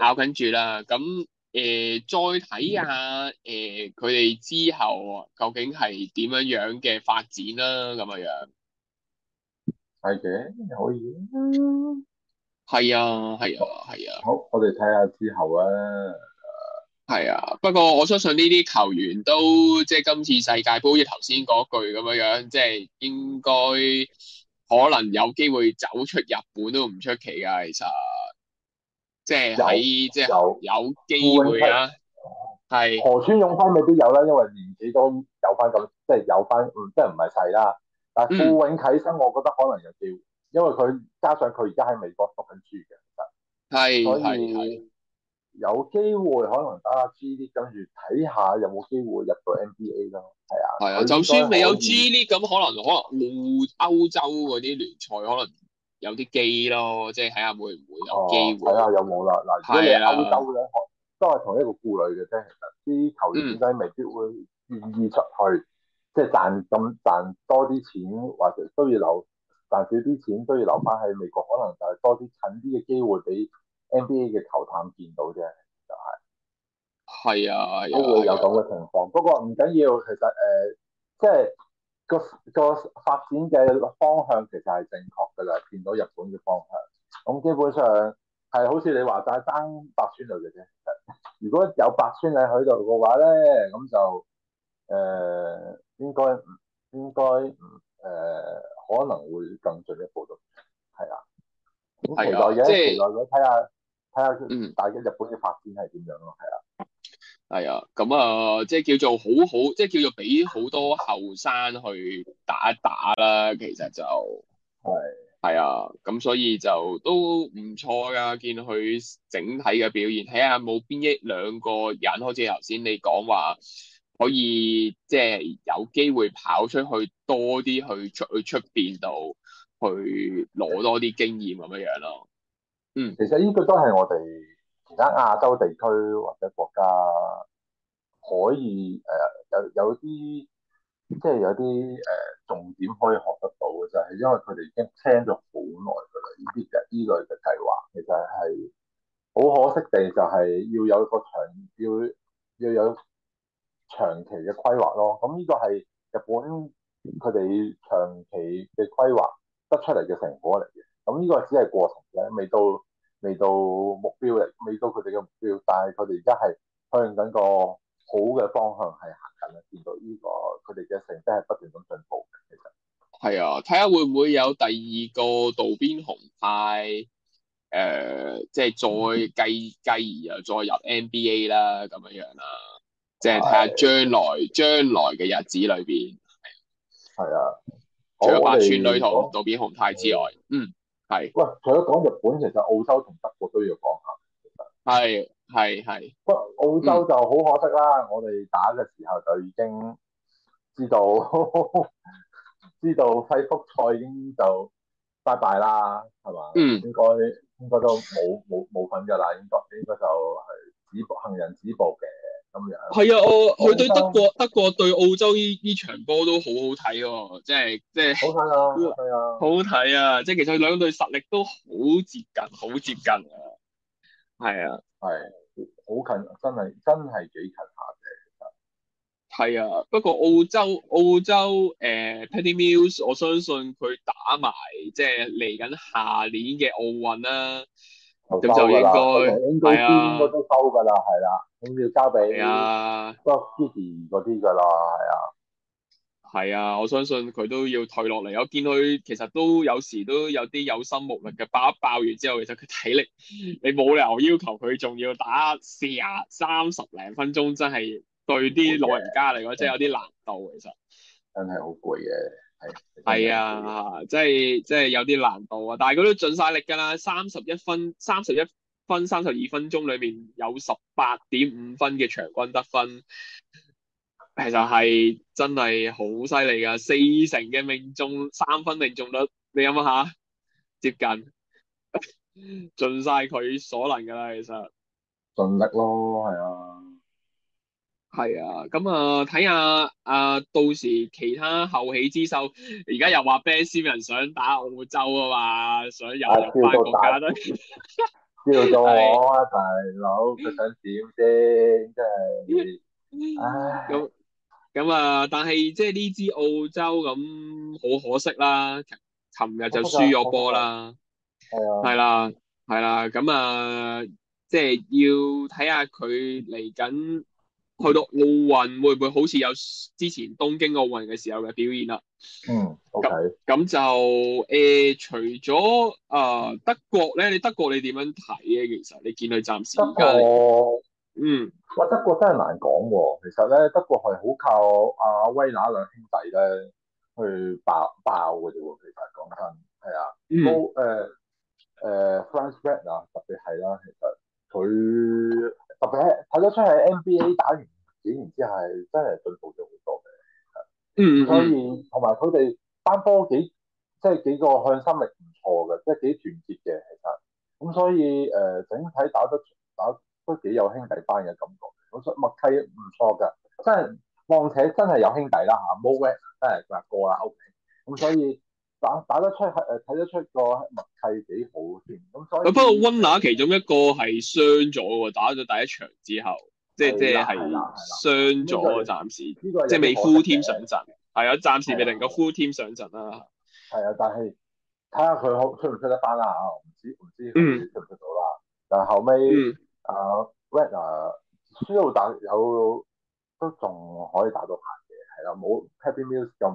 Speaker 2: 咬緊住啦，咁誒、呃，再睇下誒，佢、呃、哋之後究竟係點樣樣嘅發展啦、啊，咁樣樣
Speaker 1: 係嘅，可以啦，係
Speaker 2: 啊，係啊，係啊，啊好，啊、我哋睇下之後啊。係啊，不過我相信呢啲球員都即係今次世界盃，頭先嗰句咁樣樣，即係應該可能有機會走出日本都唔出奇噶，其實。即係有，即係有、啊、有機會啦。係
Speaker 1: 河村勇翻你都有啦，因為年紀都有翻咁，即係有翻，嗯嗯、即係唔係細啦。但係傅永啟生，我覺得可能有機會，因為佢加上佢而家喺美國讀緊書嘅，其實
Speaker 3: 係是所以
Speaker 1: 有機會可能打下 G 呢，跟住睇下有冇機會入到 NBA 啦。係啊，係啊，就算未有 G
Speaker 2: 呢，咁可能可能澳洲嗰啲聯賽可能。有啲機咯，即係睇下會唔會有機會，睇下、哦啊、有冇啦。嗱，如果係歐洲咧，
Speaker 1: 都係同一個顧慮嘅啫。其實啲球員點解未必會願意出去，嗯、即係賺咁賺多啲錢，或者都要留賺少啲錢，都要留翻喺美國，可能就係多啲近啲嘅機會俾 NBA 嘅球探見到啫，就係。
Speaker 2: 係啊，啊都會有咁嘅情
Speaker 1: 況。啊啊、不過唔緊要，其實誒、呃，即係。個個發展嘅方向其實係正確噶啦，變到日本嘅方向。咁基本上係好似你話齋爭八村壘嚟嘅啫。如果有八村壘喺喺度嘅話咧，咁就誒、呃、應該應該誒、呃、可能會更進一步到。係啊，咁期待嘢，期待我睇下睇下大家日本嘅發展係點
Speaker 2: 樣咯，係啊、嗯。係啊，咁、嗯、啊，即係叫做好好，即係叫做俾好多後生去打一打啦。其實就係係是的 啊，咁所以就都唔錯噶。見佢整體嘅表現，睇下冇邊一兩個人好似，頭先你講話可以即係有機會跑出去多啲去出去出邊度去攞多啲經驗咁樣樣咯。嗯，
Speaker 1: 其實呢個都係我哋。而家亞洲地區或者國家可以誒、呃、有有啲即係有啲誒、呃、重點可以學得到嘅，就係因為佢哋已經 plan 咗好耐嘅啦，呢啲嘅呢類嘅計劃其實係好可惜地，就係要有個長要要有長期嘅規劃咯。咁呢個係日本佢哋長期嘅規劃得出嚟嘅成果嚟嘅。咁呢個只係過程啫，未到。未到目標嘅，未到佢哋嘅目標，但係佢哋而家係向緊個好嘅方向係行緊啦，見到呢、這個佢哋嘅成績係不斷咁進步
Speaker 2: 嘅，其實係啊，睇下會唔會有第二個渡邊雄太，誒、呃，即係再繼繼而又再入 NBA 啦，咁樣樣啦，即係睇下將來、啊、將來嘅日子裏邊，係啊，除咗八村塁同渡邊雄太之外，啊、嗯。係，喂，除咗講日本，其實澳洲同德國都要講下。其實係係係，
Speaker 1: 不過澳洲就好可惜啦，嗯、我哋打嘅時候就已經知道 知道輝複賽已經就拜拜啦，係嘛？嗯，應，應該應該都冇冇冇份嘅啦，應該應該就係止步，行人止步嘅。
Speaker 2: 係啊，我佢對德國，德國對澳洲呢呢場波都好好睇喎，即係即係好睇啊，好睇啊，好睇啊，即係其實佢兩隊實力都好接近，好接近啊，係啊，係好
Speaker 1: 近，真係真係幾近下嘅，
Speaker 2: 其實係啊，不過澳洲澳洲，誒 Patty Mills，我相信佢打埋即係嚟緊下年嘅奧運啦，咁就應該係啊，應該都收噶啦，係啦。
Speaker 1: 咁要交俾啊，Jackie
Speaker 2: 嗰啲噶啦，係啊，係啊，啊，我相信佢都要退落嚟。我見佢其實都有時都有啲有心無力嘅，爆一爆完之後，其實佢體力你冇理由要求佢仲要打四啊三十零分鐘，真係對啲老人家嚟講真係有啲難度，其實真係好攰嘅，係，係啊，即係即係有啲難度啊，但係佢都盡晒力㗎啦，三十一分三十一分三十二分鐘裏面有十八點五分嘅場均得分，其實係真係好犀利噶，四成嘅命中三分命中率，你諗下，接近盡晒佢所能噶啦，其實盡力咯，係啊，係啊，咁啊，睇下啊，到時其他後起之秀，而家又話 Ben Simmons 想打澳洲啊嘛，想又入翻國家隊。啊 叫到我啊
Speaker 3: 大佬，佢
Speaker 2: 想點先？真係，唉，咁咁啊，但係即係呢支澳洲咁好可惜啦，尋日就輸咗波啦，係、 嗯、啦，係啦，咁、嗯嗯嗯、啊，即、就、係、是、要睇下佢嚟緊。去到奧運會唔會好似有之前東京奧運嘅時候嘅表現啦？嗯，咁、
Speaker 3: okay、
Speaker 2: 咁就誒、呃，除咗啊、呃、德國咧，你德國你點樣睇咧？其實你見佢暫時，德國
Speaker 1: 嗯，哇，德國真係難講喎。其
Speaker 2: 實咧，德國係好靠阿、啊、威拿兩兄
Speaker 1: 弟咧去爆爆嘅啫，其實講真，係啊，都誒誒 Franz 特別係啦，其實佢。特別睇得出喺 NBA 打完幾年之後，真係進步咗好多嘅，嗯、mm。Hmm. 所以同埋佢哋班波幾，即係幾個向心力唔錯嘅，即係幾團結嘅，其實。咁所以誒、呃，整體打得打得打得都幾有兄弟班嘅感覺。咁所以默契唔錯㗎，真係，況且真係有兄弟啦嚇冇 o 真係佢阿哥啦，OK。咁所以。打打得出，誒、呃、睇得出個默契幾好添。咁。所以 不過
Speaker 2: 温拿其中一個係傷咗喎，打咗第一場之後，即即係傷咗，暫、 嗯、時即係未 full team 上陣，係啊，暫時未能夠 full team 上陣啦。
Speaker 1: 係、 嗯、啊，但係睇下佢可出唔出得翻啦啊！唔知唔知唔知，出唔出到啦。但後尾 啊 r e t d e r 需要有都仲可以打到牌嘅，係啦，冇 Pepi Mills 咁。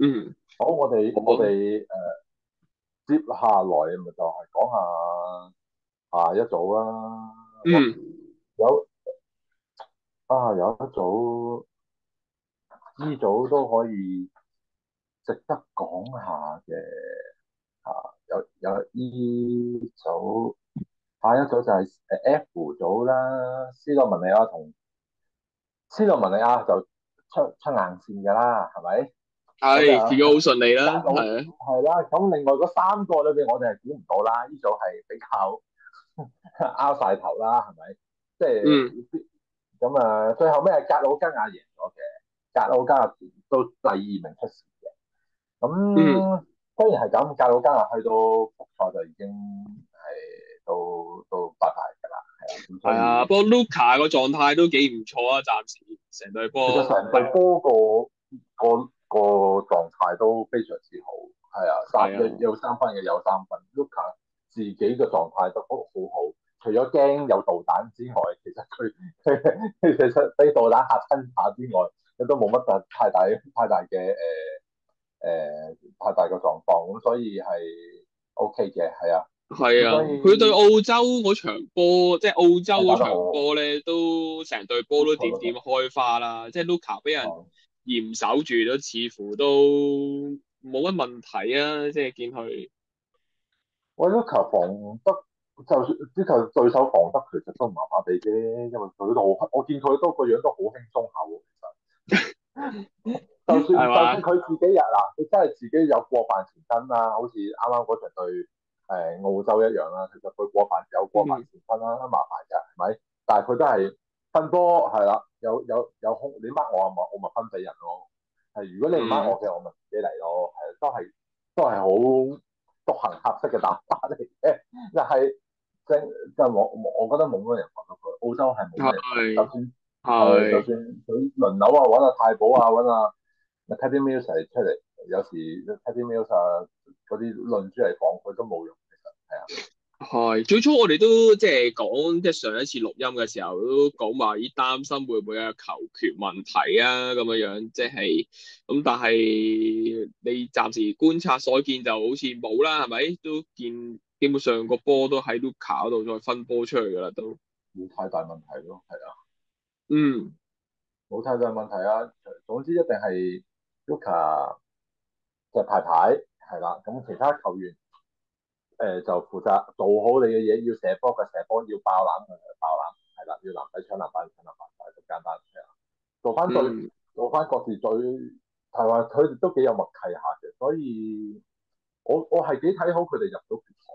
Speaker 1: 嗯，好，我哋我哋誒，嗯、接下來咪就係講下下一組啦。嗯，有啊，有一組呢、e、組都可以值得講下嘅。吓、啊，有有呢、e、組下一組就係誒 F 組啦。斯洛文尼亞同斯洛文尼亞就出出硬綫噶啦，係咪？
Speaker 2: 係、哎，自己好順利啦，
Speaker 1: 係啦，咁另外嗰三個裏邊，我哋係估唔到啦，呢組係比較拗晒 頭啦，係咪？即係，咁啊、嗯，最後尾係格魯吉亞贏咗嘅，格魯吉亞到第二名出線嘅。咁、嗯、雖然係咁，格魯吉亞去到複賽就已經係都都拜拜噶啦，係啊，係啊，不、
Speaker 2: 嗯、過 Luka 個狀態都幾唔錯啊，暫時成隊波，成隊波
Speaker 1: 個我。個狀態都非常之好，係啊，有有三分嘅，有三分，啊，Luka 自己嘅狀態都好好，除咗驚有導彈之外，其實佢其實俾導彈嚇親下之外，佢都冇乜特太大嘅太大嘅誒誒太大嘅狀況，咁所
Speaker 2: 以係 OK 嘅，係啊，係啊，佢以對澳洲嗰、就是、場波，即係澳洲嗰場波咧，都成隊波都點點開花啦，即係 Luka 俾人。嗯嚴守住都似乎都冇乜問題啊！即係見佢，
Speaker 1: 我覺得球防得，就算之前對手防得其實都唔麻麻地啫。因為佢都好，我見佢都個樣都好輕鬆下喎。其實， 就算 就算佢自己日，嗱，佢真係自己有過犯前身啦。好似啱啱嗰場對誒澳洲一樣啦。其實佢過犯有過犯前身啦，麻煩㗎係咪？但係佢都係。分波係啦，有有有空你 mark 我啊嘛，我咪分俾人咯。係如果你唔 mark 我嘅，我咪自己嚟咯。係都係都係好獨行俠式嘅打法嚟嘅，但係即即我我覺得冇乜人揾到佢。澳洲係冇乜人，的就算的就算佢輪流啊揾啊太保啊揾啊，Teddy Mills 出嚟，有時 Teddy Mills 啊嗰
Speaker 2: 啲論珠嚟防
Speaker 1: 佢都冇用，其實係啊。
Speaker 2: 係最初我哋都即係講即係上一次錄音嘅時候，都講話啲擔心會唔會有球權問題啊咁樣樣，即係咁但係你暫時觀察所見就好似冇啦，係咪？都見基本上個波都喺 Luka 度再分波出去噶啦，都冇太大問題咯，係啊，
Speaker 1: 嗯，冇太大問題啊。總之一定係 Luka 嘅牌牌係啦，咁、啊、其他球員。誒，就負責做好你嘅嘢，要射波嘅射波，要爆籃嘅爆籃，係啦，要男仔搶籃板搶籃板，好簡單，聽啦。做翻隊，做翻各自隊，係話佢哋都幾有默契下嘅，所以我我係幾睇好佢哋入到決賽，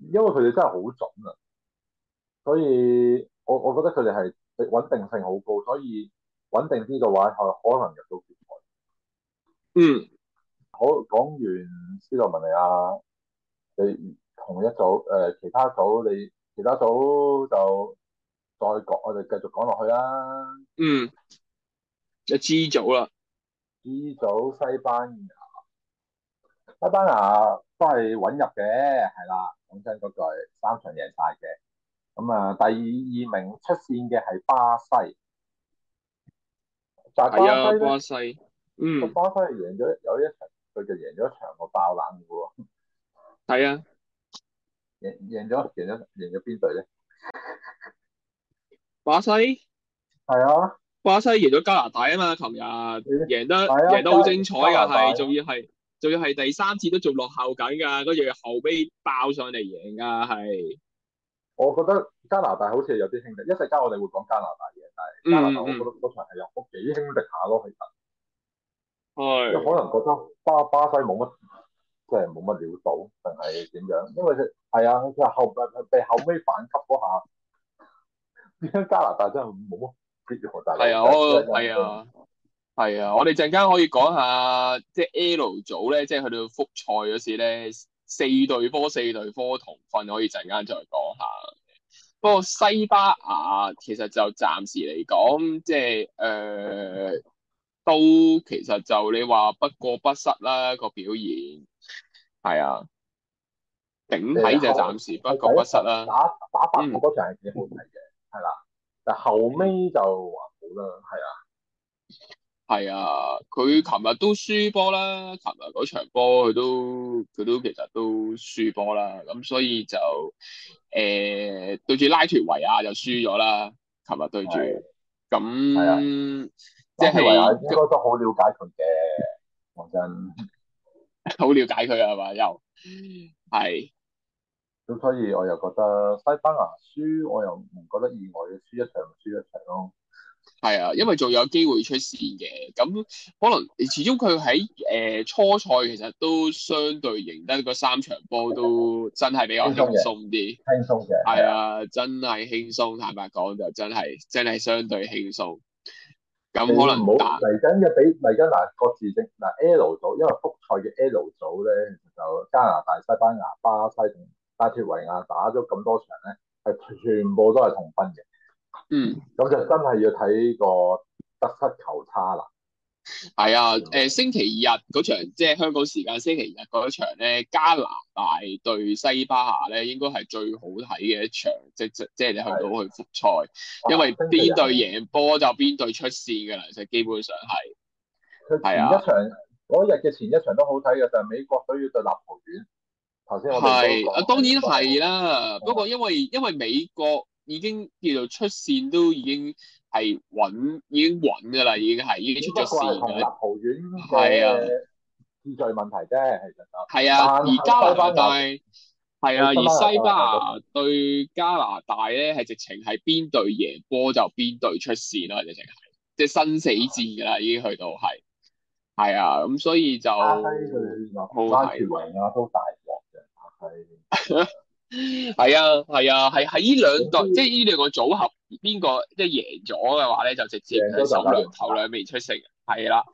Speaker 1: 因為佢哋真係好準啊，所以我我覺得佢哋係穩定性好高，所以穩定啲嘅話，可能入到決賽。嗯，好，講完先再問你啊。你同一組誒、呃，其他組你其他組就再講，我哋繼續講落去啦。
Speaker 2: 嗯，G 組啦
Speaker 1: ，G 組西班牙，西班牙都係穩入嘅，係啦，講真嗰句，嗰個、三場贏晒嘅。咁啊，第二名出線嘅係巴西，就係、係、巴西、哎、巴西，嗯，巴西係贏咗有一場，佢就贏咗一場個爆冷嘅喎。係 啊，贏贏咗，贏咗贏咗邊隊咧？
Speaker 2: 巴西係啊，巴西贏咗加拿大啊嘛，琴日贏得贏得好精彩噶，係仲要係仲要係第三次都仲落後緊噶，跟住後尾爆上嚟贏噶係。
Speaker 1: 我覺得加拿大好似有啲輕敵，一陣間我哋會講加拿大嘅，但係加拿大我覺
Speaker 2: 得嗰場係有幾輕敵
Speaker 1: 下咯，其實係，即係可能覺得巴巴西冇乜。即係冇乜料到，定係點樣？因為係啊，佢、哎、後咪被後尾反擊嗰下，點解加拿大真係冇
Speaker 2: 乜？係啊，我係啊，係啊，我哋陣間可以講下，即係 L 組咧，即係去到復賽嗰時咧，四對波四對波同分，可以陣間再講下。不過西班牙其實就暫時嚟講，即係誒都其實就你話不過不失啦個表現。係啊，頂喺就暫時不過不失啦。打打法嗰場係幾好睇嘅，係啦。但後尾就唔好啦，係啊，係啊。佢琴日都輸波啦，琴日嗰場波佢都佢都其實都輸波啦。咁所以就誒、呃、對住拉脫維亞就輸咗啦。琴日對住咁，即係維亞應該都好了解佢嘅，講真。好 了解佢啊，係
Speaker 1: 嘛？又係，咁所以我又覺得西班牙輸，我又唔覺得意外嘅，輸一場輸一場咯、
Speaker 2: 哦。係啊，因為仲有機會出線嘅。咁可能始終佢喺誒初賽其實都相對贏得嗰三場波都真係比較輕鬆啲，
Speaker 1: 輕鬆嘅。係啊，
Speaker 2: 真係輕鬆。坦白講，就真係真係相對輕鬆。咁可能唔好
Speaker 1: 嚟緊嘅比嚟緊嗱，各自正嗱 L 組，因為複賽嘅 L 組咧，就加拿大、西班牙、巴西同拉脫維亞打咗咁多場咧，係全部都係同分嘅。嗯，咁就真係要睇個得失球差
Speaker 2: 啦。係啊，誒、呃，星期日嗰場，即係香港時間星期日嗰場咧，加拿大對西班牙咧，應該係最好睇嘅一場，即即即係你去到去複賽，啊、因為邊隊贏波就邊隊出線噶啦，其實基本上係係啊。嗰、啊、日
Speaker 1: 嘅、啊、前，前一場都好睇嘅，就係、是、美國對要對立陶宛。
Speaker 2: 頭先我哋係啊，當然係啦。啊、不過因為因為美國已經叫做出線都已經。係穩，已經穩噶啦，已經係已經出咗事嘅。係啊，秩
Speaker 1: 序問題啫，係實係啊，而加拿大，
Speaker 2: 係啊，而西班牙對加拿大咧，係直情係邊隊贏波就邊隊出線咯，直情係即係生死戰噶啦，已經去到係係啊，咁所以就好，加全尼亞都大鑊
Speaker 3: 嘅係，係啊係啊係
Speaker 2: 喺呢兩隊，即係呢兩個組合。邊個一贏咗嘅話咧，就直接手兩頭兩尾出線，係啦。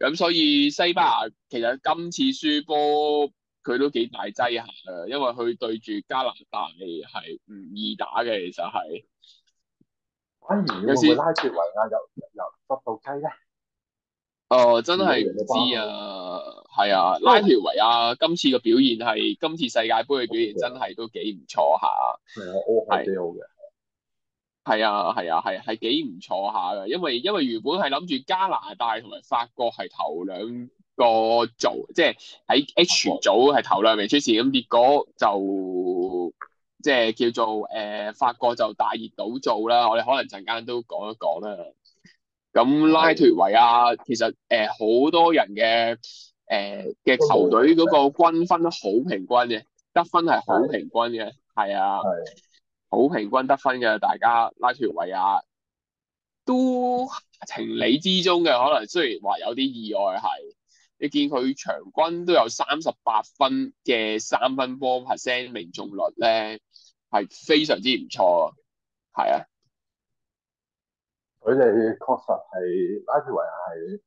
Speaker 2: 咁了所以西班牙其實今次輸波佢都幾大劑下嘅，因為佢對住加拿大係唔易打嘅。其實係，有冇、哎、拉
Speaker 1: 脫維亞又又搏到雞咧？
Speaker 2: 哦、呃，真係唔知啊，係啊，拉脫維亞今次嘅表現係、啊、今次世界杯嘅表現，真係都幾唔錯下，係啊了，係幾好嘅。了係啊，係啊，係，係幾唔錯下噶因為因為原本係諗住加拿大同埋法國係頭兩個組，即係喺 H 組係頭兩名出線。咁結果就即係叫做誒、呃、法國就大熱倒灶啦，我哋可能陣間都講一講啦。咁拉脱維亞、啊、的其實誒好、呃、多人嘅誒嘅球隊嗰個均分都好平均嘅，得分係好平均嘅，係啊的。的好平均得分嘅，大家拉脫維亞都情理之中嘅。可能雖然話有啲意外，係你見佢場均都有三十八分嘅三分波 percent 命中率咧，係非常之唔錯。係啊，
Speaker 1: 佢哋確實係拉脫維亞係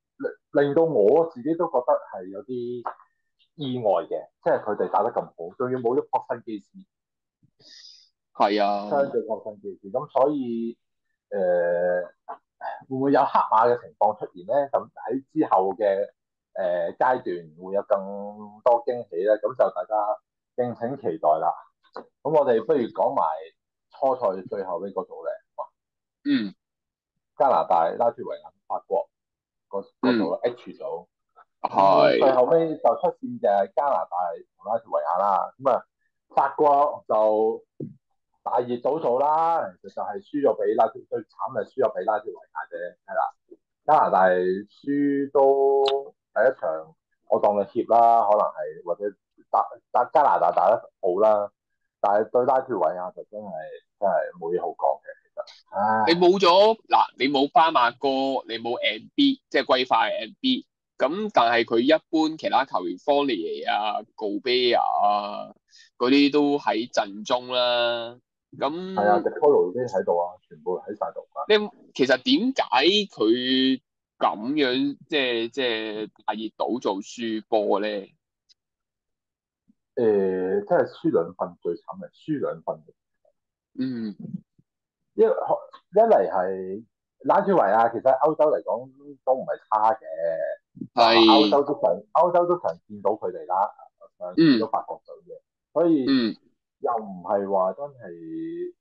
Speaker 1: 令令到我自己都覺得係有啲意外嘅，即係佢哋打得咁好，仲要冇咗博辛基斯。係啊，相對惡件事件咁，所以誒、呃、會唔會有黑馬嘅情況出現咧？咁喺之後嘅誒、呃、階段會有更多驚喜咧。咁就大家敬請期待啦。咁我哋不如講埋初賽最後尾嗰組嚟，哇嗯，加拿大拉脫維亞、法國嗰組 H 組係最後尾就出線嘅加拿大同拉脫維亞啦。咁啊法國就，大熱倒灶啦，其實就係、是、輸咗俾拉脫，最慘就係輸咗俾拉脫維亞啫，係啦。加拿大輸都第一場，我當佢協啦，可能係或者打打加拿大打得好啦，但係對拉脫維亞就真係真係冇
Speaker 2: 嘢好講嘅。其實你冇咗嗱，你冇巴馬哥，你冇 N.B. 即係歸化 N.B. 咁，但係佢一般其他球員，方尼啊、高比亞啊嗰啲都喺陣中啦。咁係那啊，只 f o 已 l 喺度啊，全部喺晒度。你其實點解佢咁樣即係即係大熱倒做輸波咧？誒、
Speaker 1: 呃，真係輸兩分最慘嘅，輸兩份。嘅。嗯，一一嚟係，拉脱維亞其實歐洲嚟講都唔係差嘅，係歐是洲都常，歐洲都常見到佢哋啦，上次都法國隊嘅，嗯、所以。嗯又唔係話真係，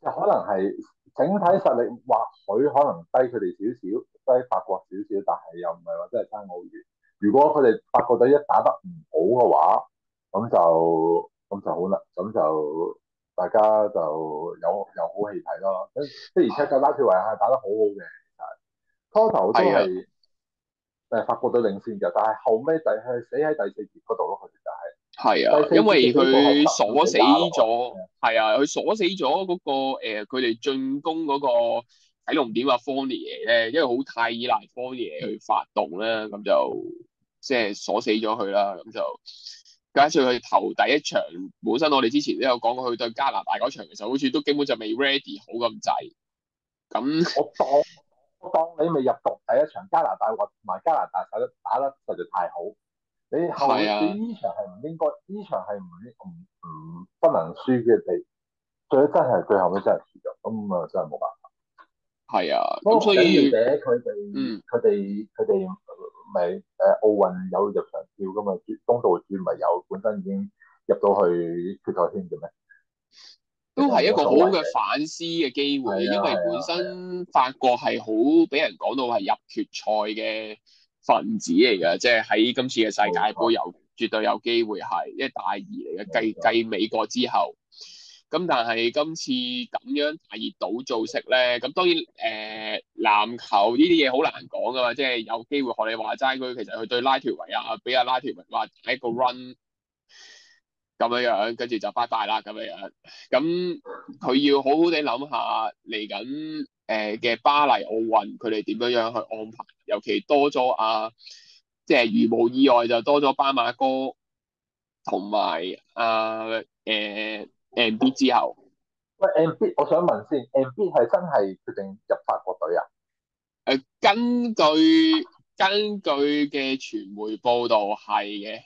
Speaker 1: 可能係整體實力或許可能低佢哋少少，低法國少少，但係又唔係話真係爭好遠。如果佢哋法國隊一打得唔好嘅話，咁就咁就好啦，咁就大家就有有好戲睇咯。即係而且就拉脫維亞係打得好好嘅，其實初頭都係誒、哎、呀法國隊領先嘅，但係後尾第死喺第四節嗰度咯，佢哋就係。係啊，因為佢鎖死咗，
Speaker 2: 係啊，佢鎖死咗嗰、那個誒，佢哋進攻嗰、那個喺龍點啊，方爺咧，因為好太依賴方爺去發動啦，咁就即係鎖死咗佢啦，咁就加上佢頭第一場，本身我哋之前都有講過，佢對加拿大嗰場其實好似都基本就未 ready 好咁滯，
Speaker 1: 咁我當我當你未入局第一場加拿大，我同埋加拿大打得打得實在太好。你後，你呢場係唔應該，呢、啊、場係唔唔唔不能輸嘅地，你最真係最後尾真係輸咗，咁啊真係冇辦法。係啊，咁所以佢哋，佢哋佢哋咪誒奧運有入場票㗎嘛？決東道主咪有本身已經入到去決賽圈嘅咩？都係一個好嘅反
Speaker 2: 思嘅機會，啊、因為本身法國係好俾人講到係入決賽嘅。分子嚟㗎，即係喺今次嘅世界盃有絕對有機會係一大二嚟嘅，繼繼美國之後，咁但係今次咁樣大熱倒灶式咧，咁當然誒、呃、籃球呢啲嘢好難講㗎嘛，即係有機會學你話齋佢其實佢對拉脫維亞比俾阿拉脫維亞打一個 run 咁樣樣，跟住就拜拜 e b 啦咁樣樣，咁佢要好好地諗下嚟緊。誒嘅巴黎奧運，佢哋點樣樣去安排？尤其多咗啊，即係如無意外就多咗斑馬哥同埋啊誒 M B 之後。喂，M B，我想問先，M B 係真係決定入法國隊啊？誒，根據根據嘅傳媒報導係嘅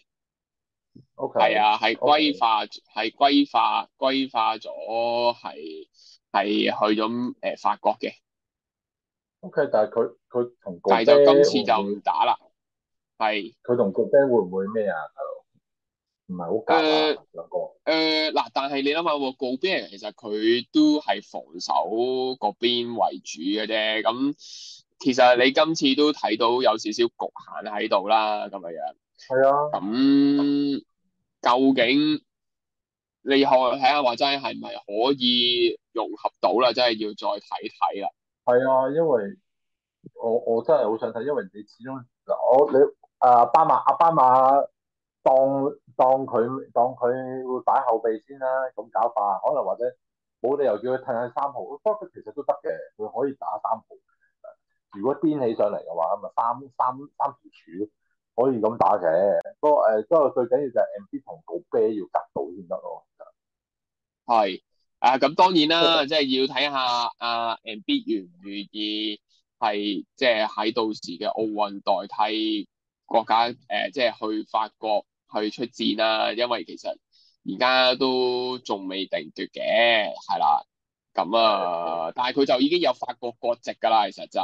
Speaker 2: ，OK，係啊，係歸化，係歸化歸化咗係。係去咗誒、呃、法國嘅。O、okay, K，但係佢佢同，但係就今次就唔打啦。係、嗯，
Speaker 1: 佢同是、呃、Gobert 會唔會咩啊？唔係
Speaker 2: 好夾啊兩個。誒嗱，但係你諗下喎，Gobert 其實佢都係防守嗰邊為主嘅啫。咁其實你今次都睇到有少少局限喺度啦，咁嘅樣。係啊。咁究竟你後睇下話齋係咪可以？融合到啦，真係要再睇睇啦。
Speaker 1: 係啊，因為我我真係好想睇，因為你始終我你啊斑馬阿斑馬當當佢當佢會打後備先啦，咁搞法，可能或者冇理由叫佢褪下三號，不過佢其實都得嘅，佢可以打三號。如果顛起上嚟嘅話，咁咪三三三條柱可以咁打嘅。不過誒，不過最緊要就係 M B 同古啤要夾到先得咯，其
Speaker 2: 實係。啊，咁當然啦，嗯、即係要睇下阿 Embiid 願唔願意係即係喺到時嘅奧運代替國家誒、呃，即係去法國去出戰啦。因為其實而家都仲未定奪嘅，係啦。咁啊，的但係佢就已經有法國國籍噶啦，其實就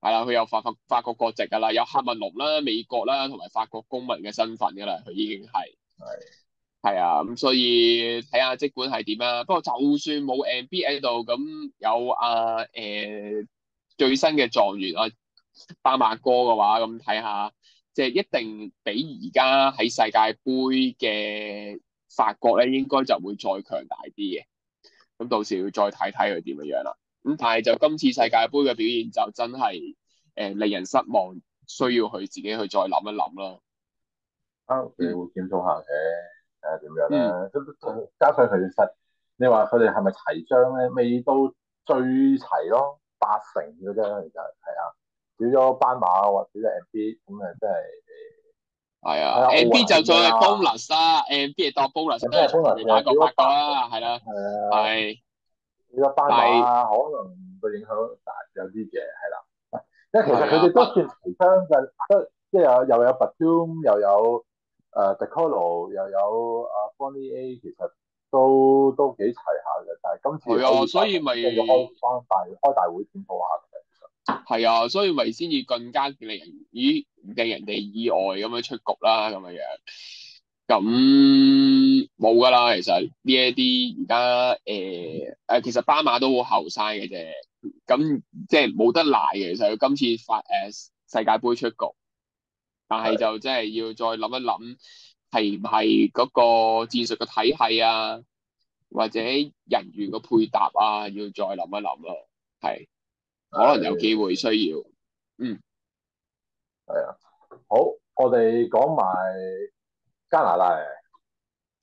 Speaker 2: 係啦，佢有法法法國國籍噶啦，有喀麥隆啦、美國啦同埋法國公民嘅身份噶啦，佢已經係係。係啊，咁所以睇下即管係點啊。不過，就算冇 NBA 喺度，咁有阿、啊、誒、呃、最新嘅狀元啊，巴馬哥嘅話，咁睇下即係一定比而家喺世界盃嘅法國咧，應該就會再強大啲嘅。咁到時要再睇睇佢點樣樣啦。咁但係就今次世界盃嘅表現就真係誒、呃、令人失望，需要佢自己去再諗一諗咯。
Speaker 1: 啊，你會檢討下
Speaker 2: 嘅。誒點
Speaker 1: 樣咧？加上佢其實你話佢哋係咪齊章咧？未到最齊咯，八成嘅啫。其實係啊，少咗斑馬或者 MB 咁誒，真係係啊。MB 就做 bonus 啦 MB 係當 bonus。什麼 bonus？又少咗一國啦，係啦，係少咗斑馬，可能個影響大有啲嘅，係啦。因為其實佢哋都算齊章嘅，得即係又有 b u 又有。誒，迪卡 o 又有阿范尼 A，其實
Speaker 2: 都都幾
Speaker 1: 齊下嘅，但係今次係啊，所以咪開大開大會宣布下其
Speaker 2: 嘅，係啊，所以咪先至更加令人以唔定人哋意外咁樣出局啦，咁樣樣咁冇噶啦，其實呢一啲而家誒誒，其實斑馬都好後生嘅啫，咁即係冇得賴嘅，其實佢今次發誒、呃、世界杯出局。但係就真係要再諗一諗，係唔係嗰個戰術嘅體系啊，或者人員嘅配搭啊，要再諗一諗咯，啊。係，可能有機會需要。的嗯，
Speaker 1: 係啊。好，我哋講埋加拿大。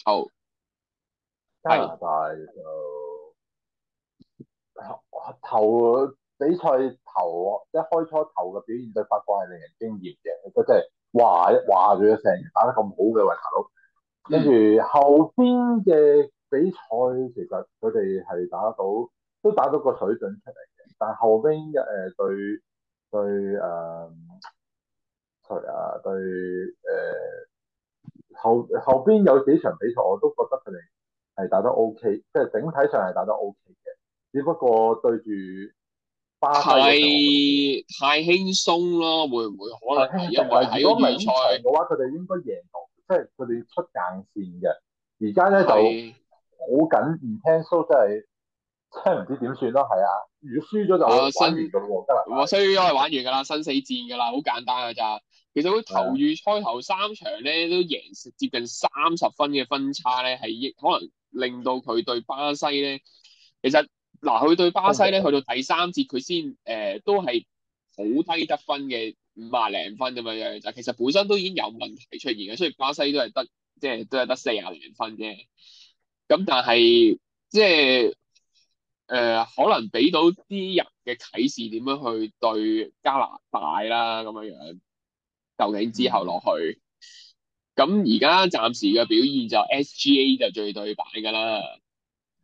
Speaker 1: 好。
Speaker 3: 加拿大
Speaker 1: 就的頭。比賽頭一開初頭嘅表現對法國係令人驚艷嘅，即係哇哇咗成日打得咁好嘅維塔魯，跟住後邊嘅比賽，其實佢哋係打到都打到個水準出嚟嘅。但係後邊一誒對對誒、呃、對誒對誒、呃、後後邊有幾場比賽，我都覺得佢哋係打得 OK，即係整體上係打得 OK 嘅。只不過對住。太
Speaker 2: 太輕鬆啦，會唔會可能？如果唔係熱賽嘅話，佢哋是應該贏到，即
Speaker 1: 係佢哋出硬線嘅。而家咧就好緊，唔聽 show 真係真係唔知點算咯。係啊，如果輸咗就玩完噶啦，得
Speaker 2: 啦。如果輸咗係玩完㗎啦，生死戰㗎啦，好簡單㗎咋。其實佢投遇開頭後三場咧都贏接近三十分嘅分差咧，係亦可能令到佢對巴西咧其實。嗱，佢對巴西咧，去到第三節佢先，誒、呃、都係好低得分嘅五十零分咁樣樣就，其實本身都已經有問題出現嘅，所以巴西都係得即係都係得四十零分啫。咁但係即係誒、呃，可能俾到啲人嘅啟示點樣去對加拿大啦咁樣樣，究竟之後落去？咁而家暫時嘅表現就 SGA 就最對版㗎啦，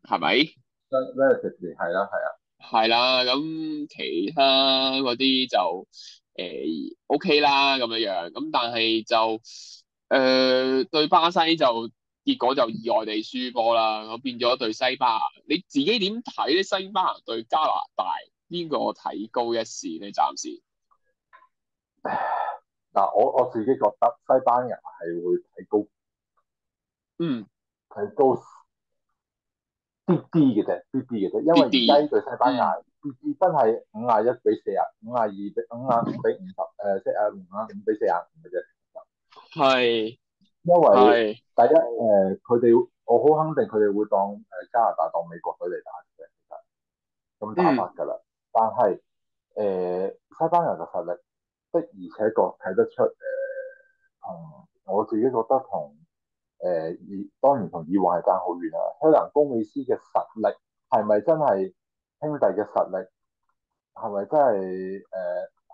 Speaker 2: 係咪？
Speaker 1: relative 係
Speaker 2: 啦，係啊，係啦，咁其他嗰啲就誒 O K 啦，咁樣樣，咁但係就誒對巴西就結果就意外地輸波啦，咁變咗對西班牙，你自己點睇咧？西班牙對加拿大邊個睇高一線咧？暫時
Speaker 1: 嗱、呃，我我自己覺得西班牙係會睇高，嗯，睇高。啲啲嘅啫啲啲嘅啫，因為而家呢隊西班牙，真係五廿一比四廿，五廿二比五廿五比五十，誒即係啊五啊五比四廿五嘅啫。
Speaker 2: 係，因為
Speaker 1: 第一誒，佢哋我好肯定佢哋會當誒加拿大當美國隊嚟打嘅，其實咁打法噶啦。但係誒、 呃、西班牙嘅實力，的而且確睇得出誒，同、呃、我自己覺得同。誒以當然同以往係爭好遠啦。香蘭公美斯嘅實力係咪真係兄弟嘅實力係咪真係誒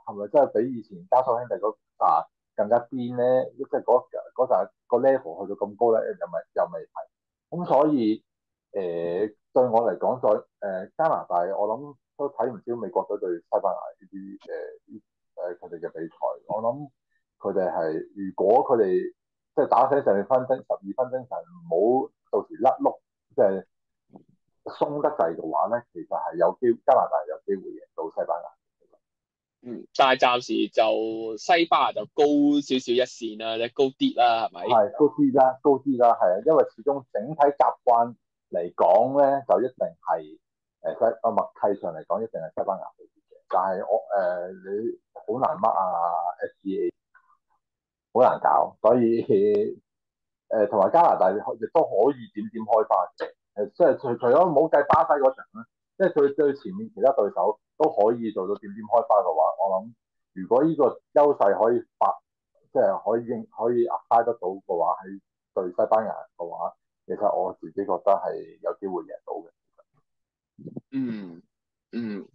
Speaker 1: 係咪真係比以前加索兄弟嗰嗱更加癲咧？即係嗰嗰個 level 去到咁高咧？又唔係又唔係咁，所以誒對我嚟講，再誒加拿大，我諗都睇唔少美國隊對西班牙呢啲誒誒佢哋嘅比賽。我諗佢哋係如果佢哋。即係打醒曬你分精，十二分精神，唔好到時甩碌，即係鬆得滯嘅話咧，
Speaker 2: 其實係有機會加拿大有機會贏到西班牙。嗯，但係暫時就西班牙就高少少一線啦，即高啲啦，係咪？係
Speaker 1: 高啲啦，高啲啦，係啊，因為始終整體習慣嚟講咧，就一定係誒西啊默契上嚟講，一定係西班牙好啲嘅。但係我誒、呃、你好難 m a 啊 S E A。好難搞，所以誒同埋加拿大亦都可以點點開花嘅，誒即係除除咗冇計巴西嗰場啦，即係對對前面其他對手都可以做到點點開花嘅話，我諗如果呢個優勢可以發，即係可以應可以壓拉得到嘅話，喺對西班牙嘅話，其實我自己覺得係有機會贏到嘅。嗯
Speaker 3: 嗯，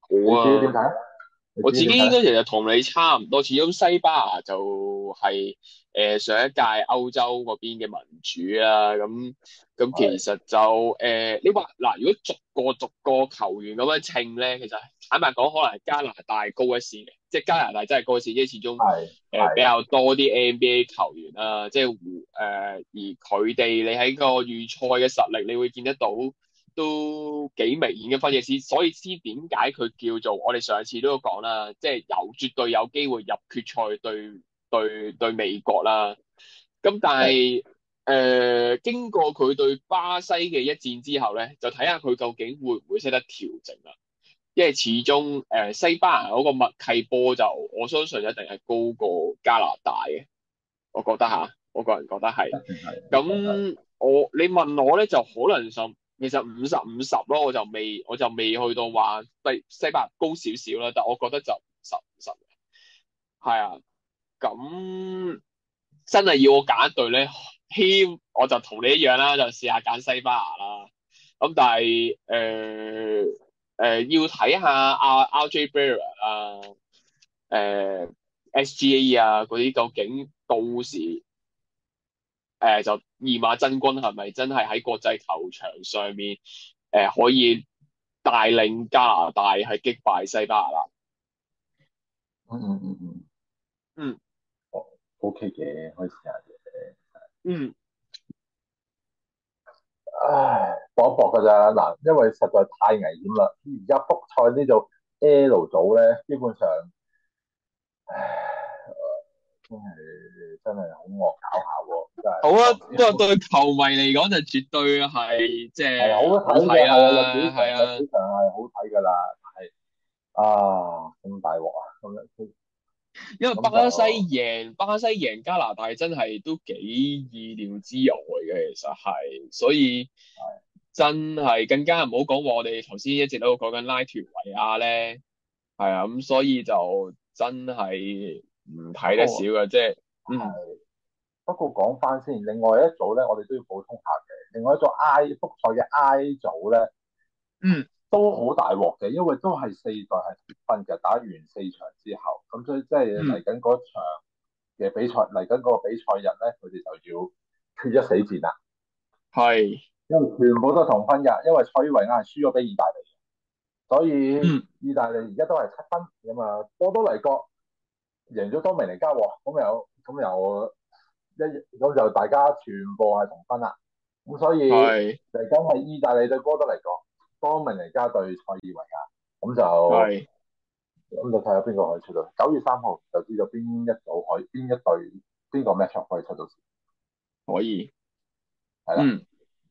Speaker 3: 好啊。我自己應該其
Speaker 2: 實同你差唔多始終，咁西班牙就係、是、誒、呃、上一屆歐洲嗰邊嘅民主啦、啊，咁、嗯、咁、嗯、其實就誒、呃、你話嗱，如果逐個逐個球員咁樣稱咧，其實坦白講，可能加拿大高一線嘅，即係加拿大真係高一線，即係始終誒比較多啲 NBA 球員啊。即係湖、呃、而佢哋你喺個預賽嘅實力，你會見得到。都幾明顯嘅分野先，所以知點解佢叫做我哋上次都講啦，即係有絕對有機會入決賽對對對美國啦。咁但係誒，經過佢對巴西嘅一戰之後咧，就睇下佢究竟會唔會識得調整啦。因為始終誒西班牙嗰個默契波就我相信一定係高過加拿大嘅，我覺得吓，我個人覺得係。咁我你問我咧，就可能其實五十五十咯，我就未我就未去到話西西班牙高少少啦，但我覺得就五十五十嘅，係啊。咁真係要我揀一隊咧，希我就同你一樣啦，就試下揀西班牙啦。咁但係誒誒要睇下阿 RJ Barrett 啊、誒、呃、SGA 啊嗰啲究竟到時誒就。二馬是是真軍係咪真係喺國際球場上面誒、呃、可以帶領加拿大去擊敗西班牙？嗯嗯嗯
Speaker 1: 嗯嗯，哦，O K 嘅，開始下嘅，嗯，唉，搏一搏㗎咋嗱，因為實在太危險啦。而家複賽呢度 L 組咧，基本上，唉。真係真係
Speaker 3: 好惡搞
Speaker 2: 下喎，真係好啦、啊，不過對球迷嚟講就絕對係
Speaker 1: 即係好睇啊，係、就、啊、是，主
Speaker 2: 場係好睇噶啦，係啊、嗯，咁大鑊啊，咁因為巴西贏巴西贏加拿大真係都幾意料之外嘅，其實係，所以的真係更加唔好講，我哋頭先一直都講緊拉脫維亞咧，係啊，咁所以就真係。唔睇得少嘅，即係、哦，
Speaker 1: 嗯，不過講翻先，另外一組咧，我哋都要補充下嘅，另外一組 I 複賽嘅 I 組咧，嗯，都好大鑊嘅，因為都係四隊係同分嘅，打完四場之後，咁所以即係嚟緊嗰場嘅比賽，嚟緊嗰個比賽日咧，佢哋就要決一死戰啦，
Speaker 2: 係是，因為全部都係同
Speaker 1: 分嘅，因為塞爾維亞係輸咗俾意大利，所以意大利而家都係七分咁啊，波多黎各。贏咗多明尼加喎，咁又咁又一咁就大家全部係同分啦，咁所以嚟講，係是意大利對哥德嚟講，多明尼加對塞爾維亞，咁就咁是就睇下邊個可以出到。九月三號就知道邊一組可以，邊一隊邊個 match 可以出到線，可以係
Speaker 3: 啦。
Speaker 1: 因為的、嗯、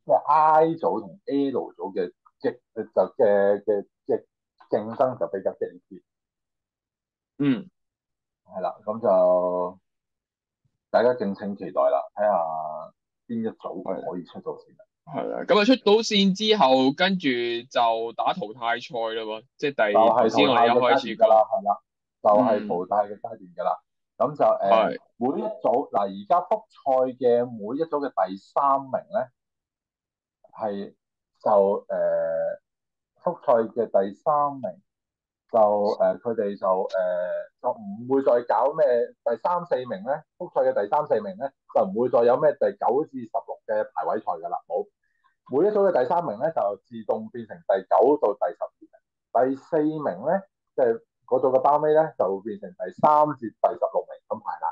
Speaker 1: 即 I 組同 L 組嘅，即係就嘅嘅即係競爭就比較激烈。嗯。係啦，咁就大家敬請期待啦，睇下
Speaker 2: 邊一組係可以出到線。係啦，咁啊出到線之後，跟住就打淘汰賽啦，即、就、係、是、第二淘汰賽階段
Speaker 1: 嘅啦。係啦，就係、是、淘汰嘅階段噶啦。咁、嗯、就誒、呃，每一組嗱，而家複賽嘅每一組嘅第三名咧，係就誒複賽嘅第三名。就誒，佢、呃、哋就誒、呃，就唔會再搞咩第三四名咧，複賽嘅第三四名咧，就唔會再有咩第九至十六嘅排位賽㗎喇，好，每一組嘅第三名咧，就自動變成第九到第十二名。第四名咧，即係嗰組嘅包尾咧，就變成第三至第十六名咁排啦。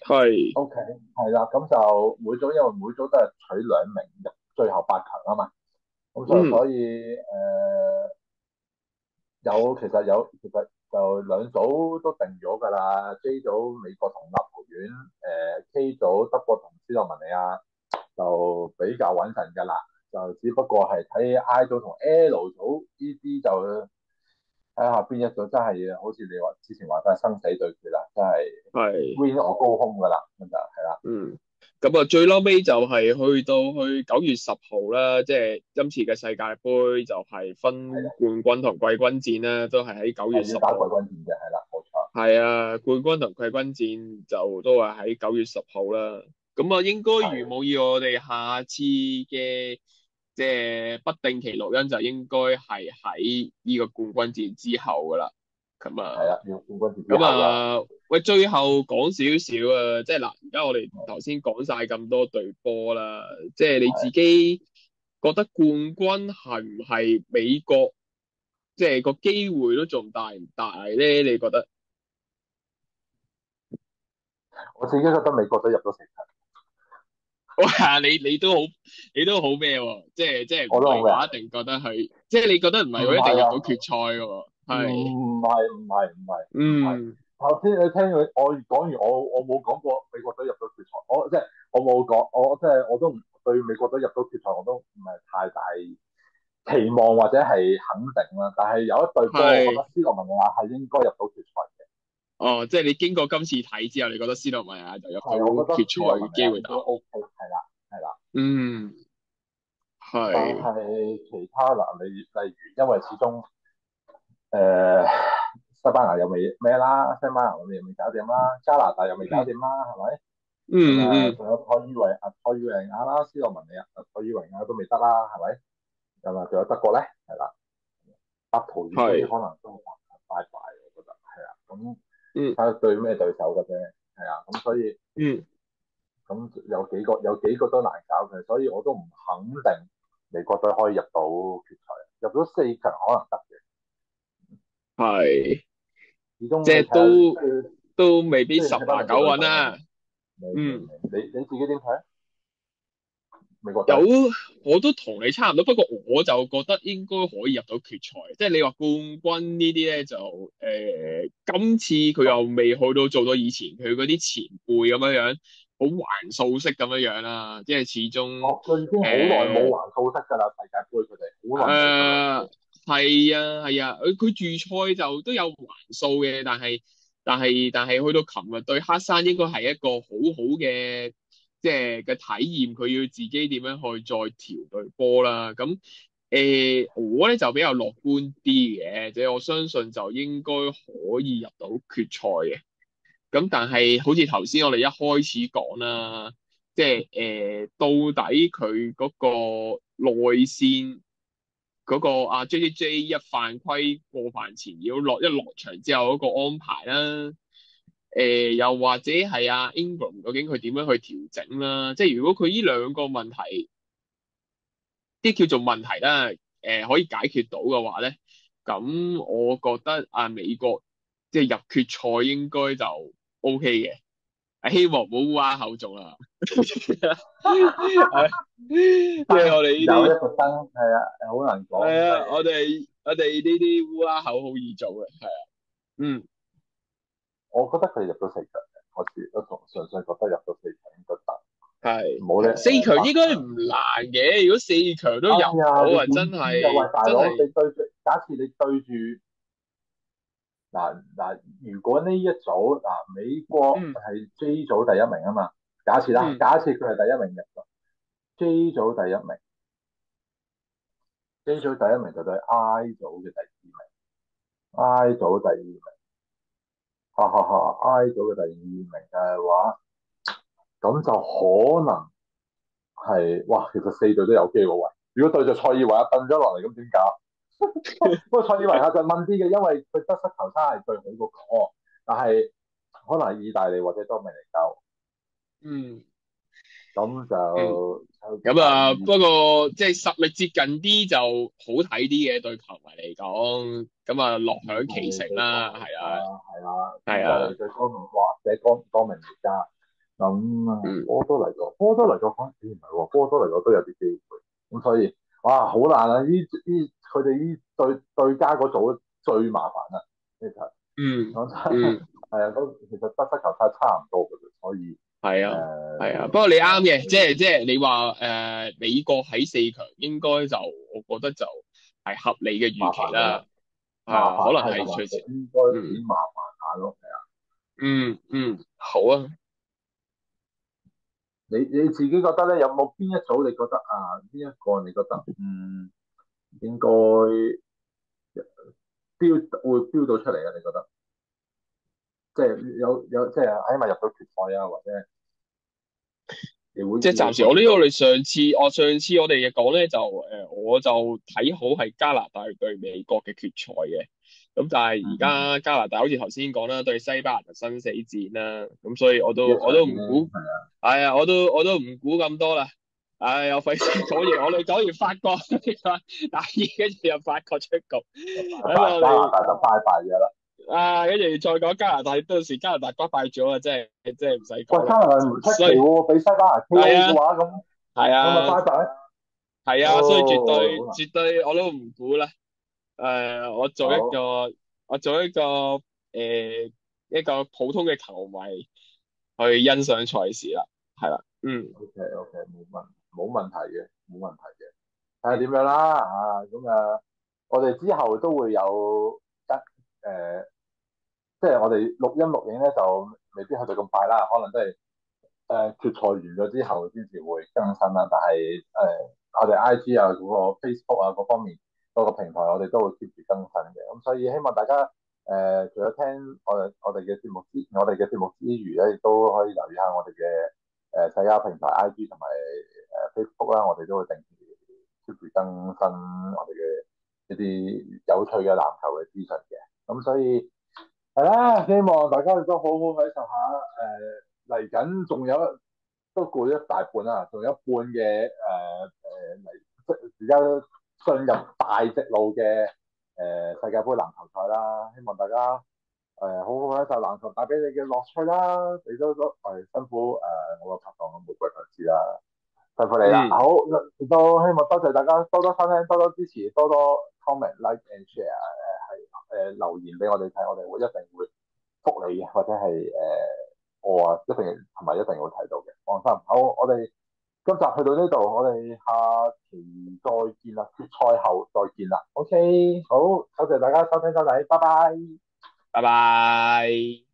Speaker 1: 係是。O、okay, K。係啦，咁就每組因為每組都係取兩名入最後八強啊嘛。咁所所以誒。是有，其實有，其實就兩組都定咗㗎啦。J 組美國同立陶宛，誒、呃、K 組德國同斯洛文尼亞就比較穩陣㗎啦。就只不過係睇 I 組同 L 組呢啲就睇下邊一組，真係好似你話之前話都係生死對決啦，真係 win or go home 㗎啦咁就係
Speaker 2: 啦。嗯。咁啊，最嬲尾就係去到去九月十號啦，即、就、係、是、今次嘅世界杯，就係分冠軍同季軍戰啦，都係喺九月十號。要季軍戰嘅係啦，冇錯。係啊，冠軍同季軍戰就都係喺九月十號啦。咁啊，的應該如冇意我哋下次嘅即係不定期錄音就應該係喺呢個冠軍戰之後噶啦。咁啊，係啦，咁啊，喂，最後講少少啊，即係嗱，而家我哋頭先講晒咁多隊波啦，即係你自己覺得冠軍係唔係美國，即係個機會都仲大唔大咧？你覺得？
Speaker 1: 我自己覺得美國都入
Speaker 2: 咗四強。哇，你你都好，你都好咩？即係即係我係一定覺得佢，即係你覺得唔係，佢一定入到決賽嘅。係唔係唔係唔係，是嗯，
Speaker 1: 頭先、嗯、你聽佢我講完，我完我冇講過美國隊入到決賽，我即係我冇講，我即係我，、即係、我都唔對美國隊入到決賽我都唔係太大期望或者係肯定啦。但係有一隊波，是我覺得斯洛文尼亞係應
Speaker 2: 該入到決賽嘅。哦，即係你經過今次睇之後，你覺得斯洛文尼亞就有決賽嘅機會都 OK，係啦，係啦，OK, 嗯，係。但
Speaker 3: 係
Speaker 1: 其他嗱，你例，例如，因為始終。誒、uh,，西班牙又未咩啦，西班牙我哋又未搞掂啦，加拿大又未搞掂啦，係咪、mm？嗯、hmm. 嗯。仲有土耳其啊，土耳其亞啦，斯洛文尼亞啊，土耳其亞都未得啦，係咪？咁啊，仲有德國咧，係啦，北圖爾可能都快快，我覺得係啊。咁睇下對咩對手嘅啫，係啊。咁、嗯、所以嗯，咁有幾個有幾個都難搞嘅，所以我都唔肯定美國隊可以入到決賽，入咗四強可能得嘅。係，
Speaker 2: 即係是都、呃、都未必十拿九穩啦。嗯，你你自己點睇啊？嗯、有，我都同你差唔多。不過我就覺得應該可以入到決賽。即、就、係、是、你話冠軍呢啲咧，就誒、呃，今次佢又未去到做到以前佢嗰啲前輩咁樣樣，好橫掃式咁樣樣、啊、啦。即、就、係、是、始終好耐冇橫掃式噶啦，
Speaker 1: 世界盃佢哋好耐。
Speaker 2: 係啊，係啊，佢佢注賽就都有還數嘅，但係但係但係去到琴日對黑山應該係一個好好嘅即係嘅體驗，佢要自己點樣去再調隊波啦。咁誒、呃、我咧就比較樂觀啲嘅，即係我相信就應該可以入到決賽嘅。咁但係好似頭先我哋一開始講啦，即係誒、呃、到底佢嗰個內線。嗰個啊，J.J.J. 一犯規過犯前要落一落場之後嗰個安排啦，誒、呃、又或者係啊 Ingram，究竟佢點樣去調整啦？即係如果佢呢兩個問題，啲叫做問題啦，誒、呃、可以解決到嘅話咧，咁我覺得啊，美國即係入決賽應該就 O.K. 嘅。希望冇烏鴉口做啦，即係我哋呢啲，有一個
Speaker 1: 燈係啊，好難講。係啊，
Speaker 2: 我哋我哋呢啲烏鴉口好易做嘅，係啊，嗯
Speaker 1: 是，我覺得佢入到四強嘅，我主我從純粹覺得入到四強
Speaker 2: 應該得，係冇咧。四強應該唔是難嘅，如果四強都有、嗯，我人真係的，真係你對住，
Speaker 1: 假設你對住。嗱嗱，如果呢一組嗱，美國係 J 組第一名啊嘛，假設啦，假設佢係第一名，嘅 J 組第一名，J 組第一名就對 I 組嘅第二名，I 組第二名，哈哈哈，I 組嘅第二名嘅話，咁就可能係哇，其實四隊都有機會。喂，如果對著蔡意偉崩咗落嚟，咁、啊、點搞？不過塞爾維亞就問啲嘅，因為佢得失球差係最好個角，但係可能意大利或者多明尼加。
Speaker 2: 嗯，咁就咁啊。不過即係實力接近啲就好睇啲嘅，對球迷嚟講，咁啊樂享其成啦，係啊，係啦，係啊。或者
Speaker 1: 多多明尼加，咁波多黎各，波多黎各，咦唔係喎，波多黎各都有啲機會。咁所以哇，好難啊！呢呢。佢哋呢對對家嗰組最麻煩啦，呢場、嗯。嗯，講真，係啊，咁其實得
Speaker 2: 失球差差唔多嘅所以係啊，係、呃、啊。不過你啱嘅，即係即係你話誒美國喺四強，應該就我覺得就係合理嘅預期啦、啊啊。可能係最應
Speaker 3: 該好
Speaker 1: 麻煩下咯，係、
Speaker 2: 嗯、啊。嗯嗯，好啊。
Speaker 1: 你你自己覺得咧，有冇邊一組你覺得啊？邊一個你覺得嗯？應該標會標到出嚟啊？你覺得？即係有有即係，
Speaker 2: 起碼入到決賽啊，或者、啊、即係暫時。我呢個，你上次我上次我哋嘅講咧就誒、呃，我就睇好係加拿大對美國嘅決賽嘅。咁但係而家加拿大、嗯、好似頭先講啦，對西班牙生死戰啦、啊，咁所以我都我都唔估，係啊，啊，我都我都唔估咁多啦。唉，呀，費事講完，我哋講完法國打二，跟住又法國出局，加拿大就拜拜咗啦。啊，跟住再講加拿大，到時加拿大拜拜咗啊，真係真係唔使講。哇，加拿大唔出奇喎，
Speaker 1: 俾西班牙好嘅話咁，係啊，我
Speaker 2: 咪拜拜。係啊，所以絕對絕對我都唔估啦。誒，我做一個我做一個誒一個普通嘅球迷去欣賞賽事啦，係啦，嗯。O K，O K，冇冇問題嘅，冇問題
Speaker 1: 嘅。睇下點樣啦嚇咁啊！我哋之後都會有得誒、呃，即係我哋錄音錄影咧，就未必去到咁快啦。可能都係誒、呃、決賽完咗之後先至會更新啦。但係誒、呃，我哋 I G 啊、嗰、那個 Facebook 啊各、那個、方面嗰、那個平台，我哋都會 keep 住更新嘅。咁所以希望大家誒、呃，除咗聽我哋我哋嘅節目之我哋嘅節目之餘咧，亦都可以留意下我哋嘅誒社交平台 I G 同埋。誒，Facebook 啦、啊，我哋都會定期、定期更新我哋嘅一啲有趣嘅籃球嘅資訊嘅。咁所以係啦，希望大家亦都好好享受下誒嚟緊，仲、呃、有都過咗一大半啦，仲有一半嘅誒誒嚟即係而家進入大直路嘅誒、呃、世界盃籃球賽啦。希望大家誒、呃、好好享受籃球帶俾你嘅樂趣啦。你都都係、哎、辛苦誒、呃，我嘅拍檔嘅每瑰同子啦。
Speaker 3: 辛苦你啦，嗯、好，
Speaker 1: 都希望多謝大家多多收聽，多多支持，多多 comment、like and share，誒係誒留言俾我哋睇，我哋會一定會覆你嘅，或者係誒、呃、我啊一定同埋一定會睇到嘅，放心。好，我哋今集去到呢度，我哋下期再見啦，決賽後再見啦。OK，好，多謝大家收聽收睇，拜拜，
Speaker 3: 拜拜。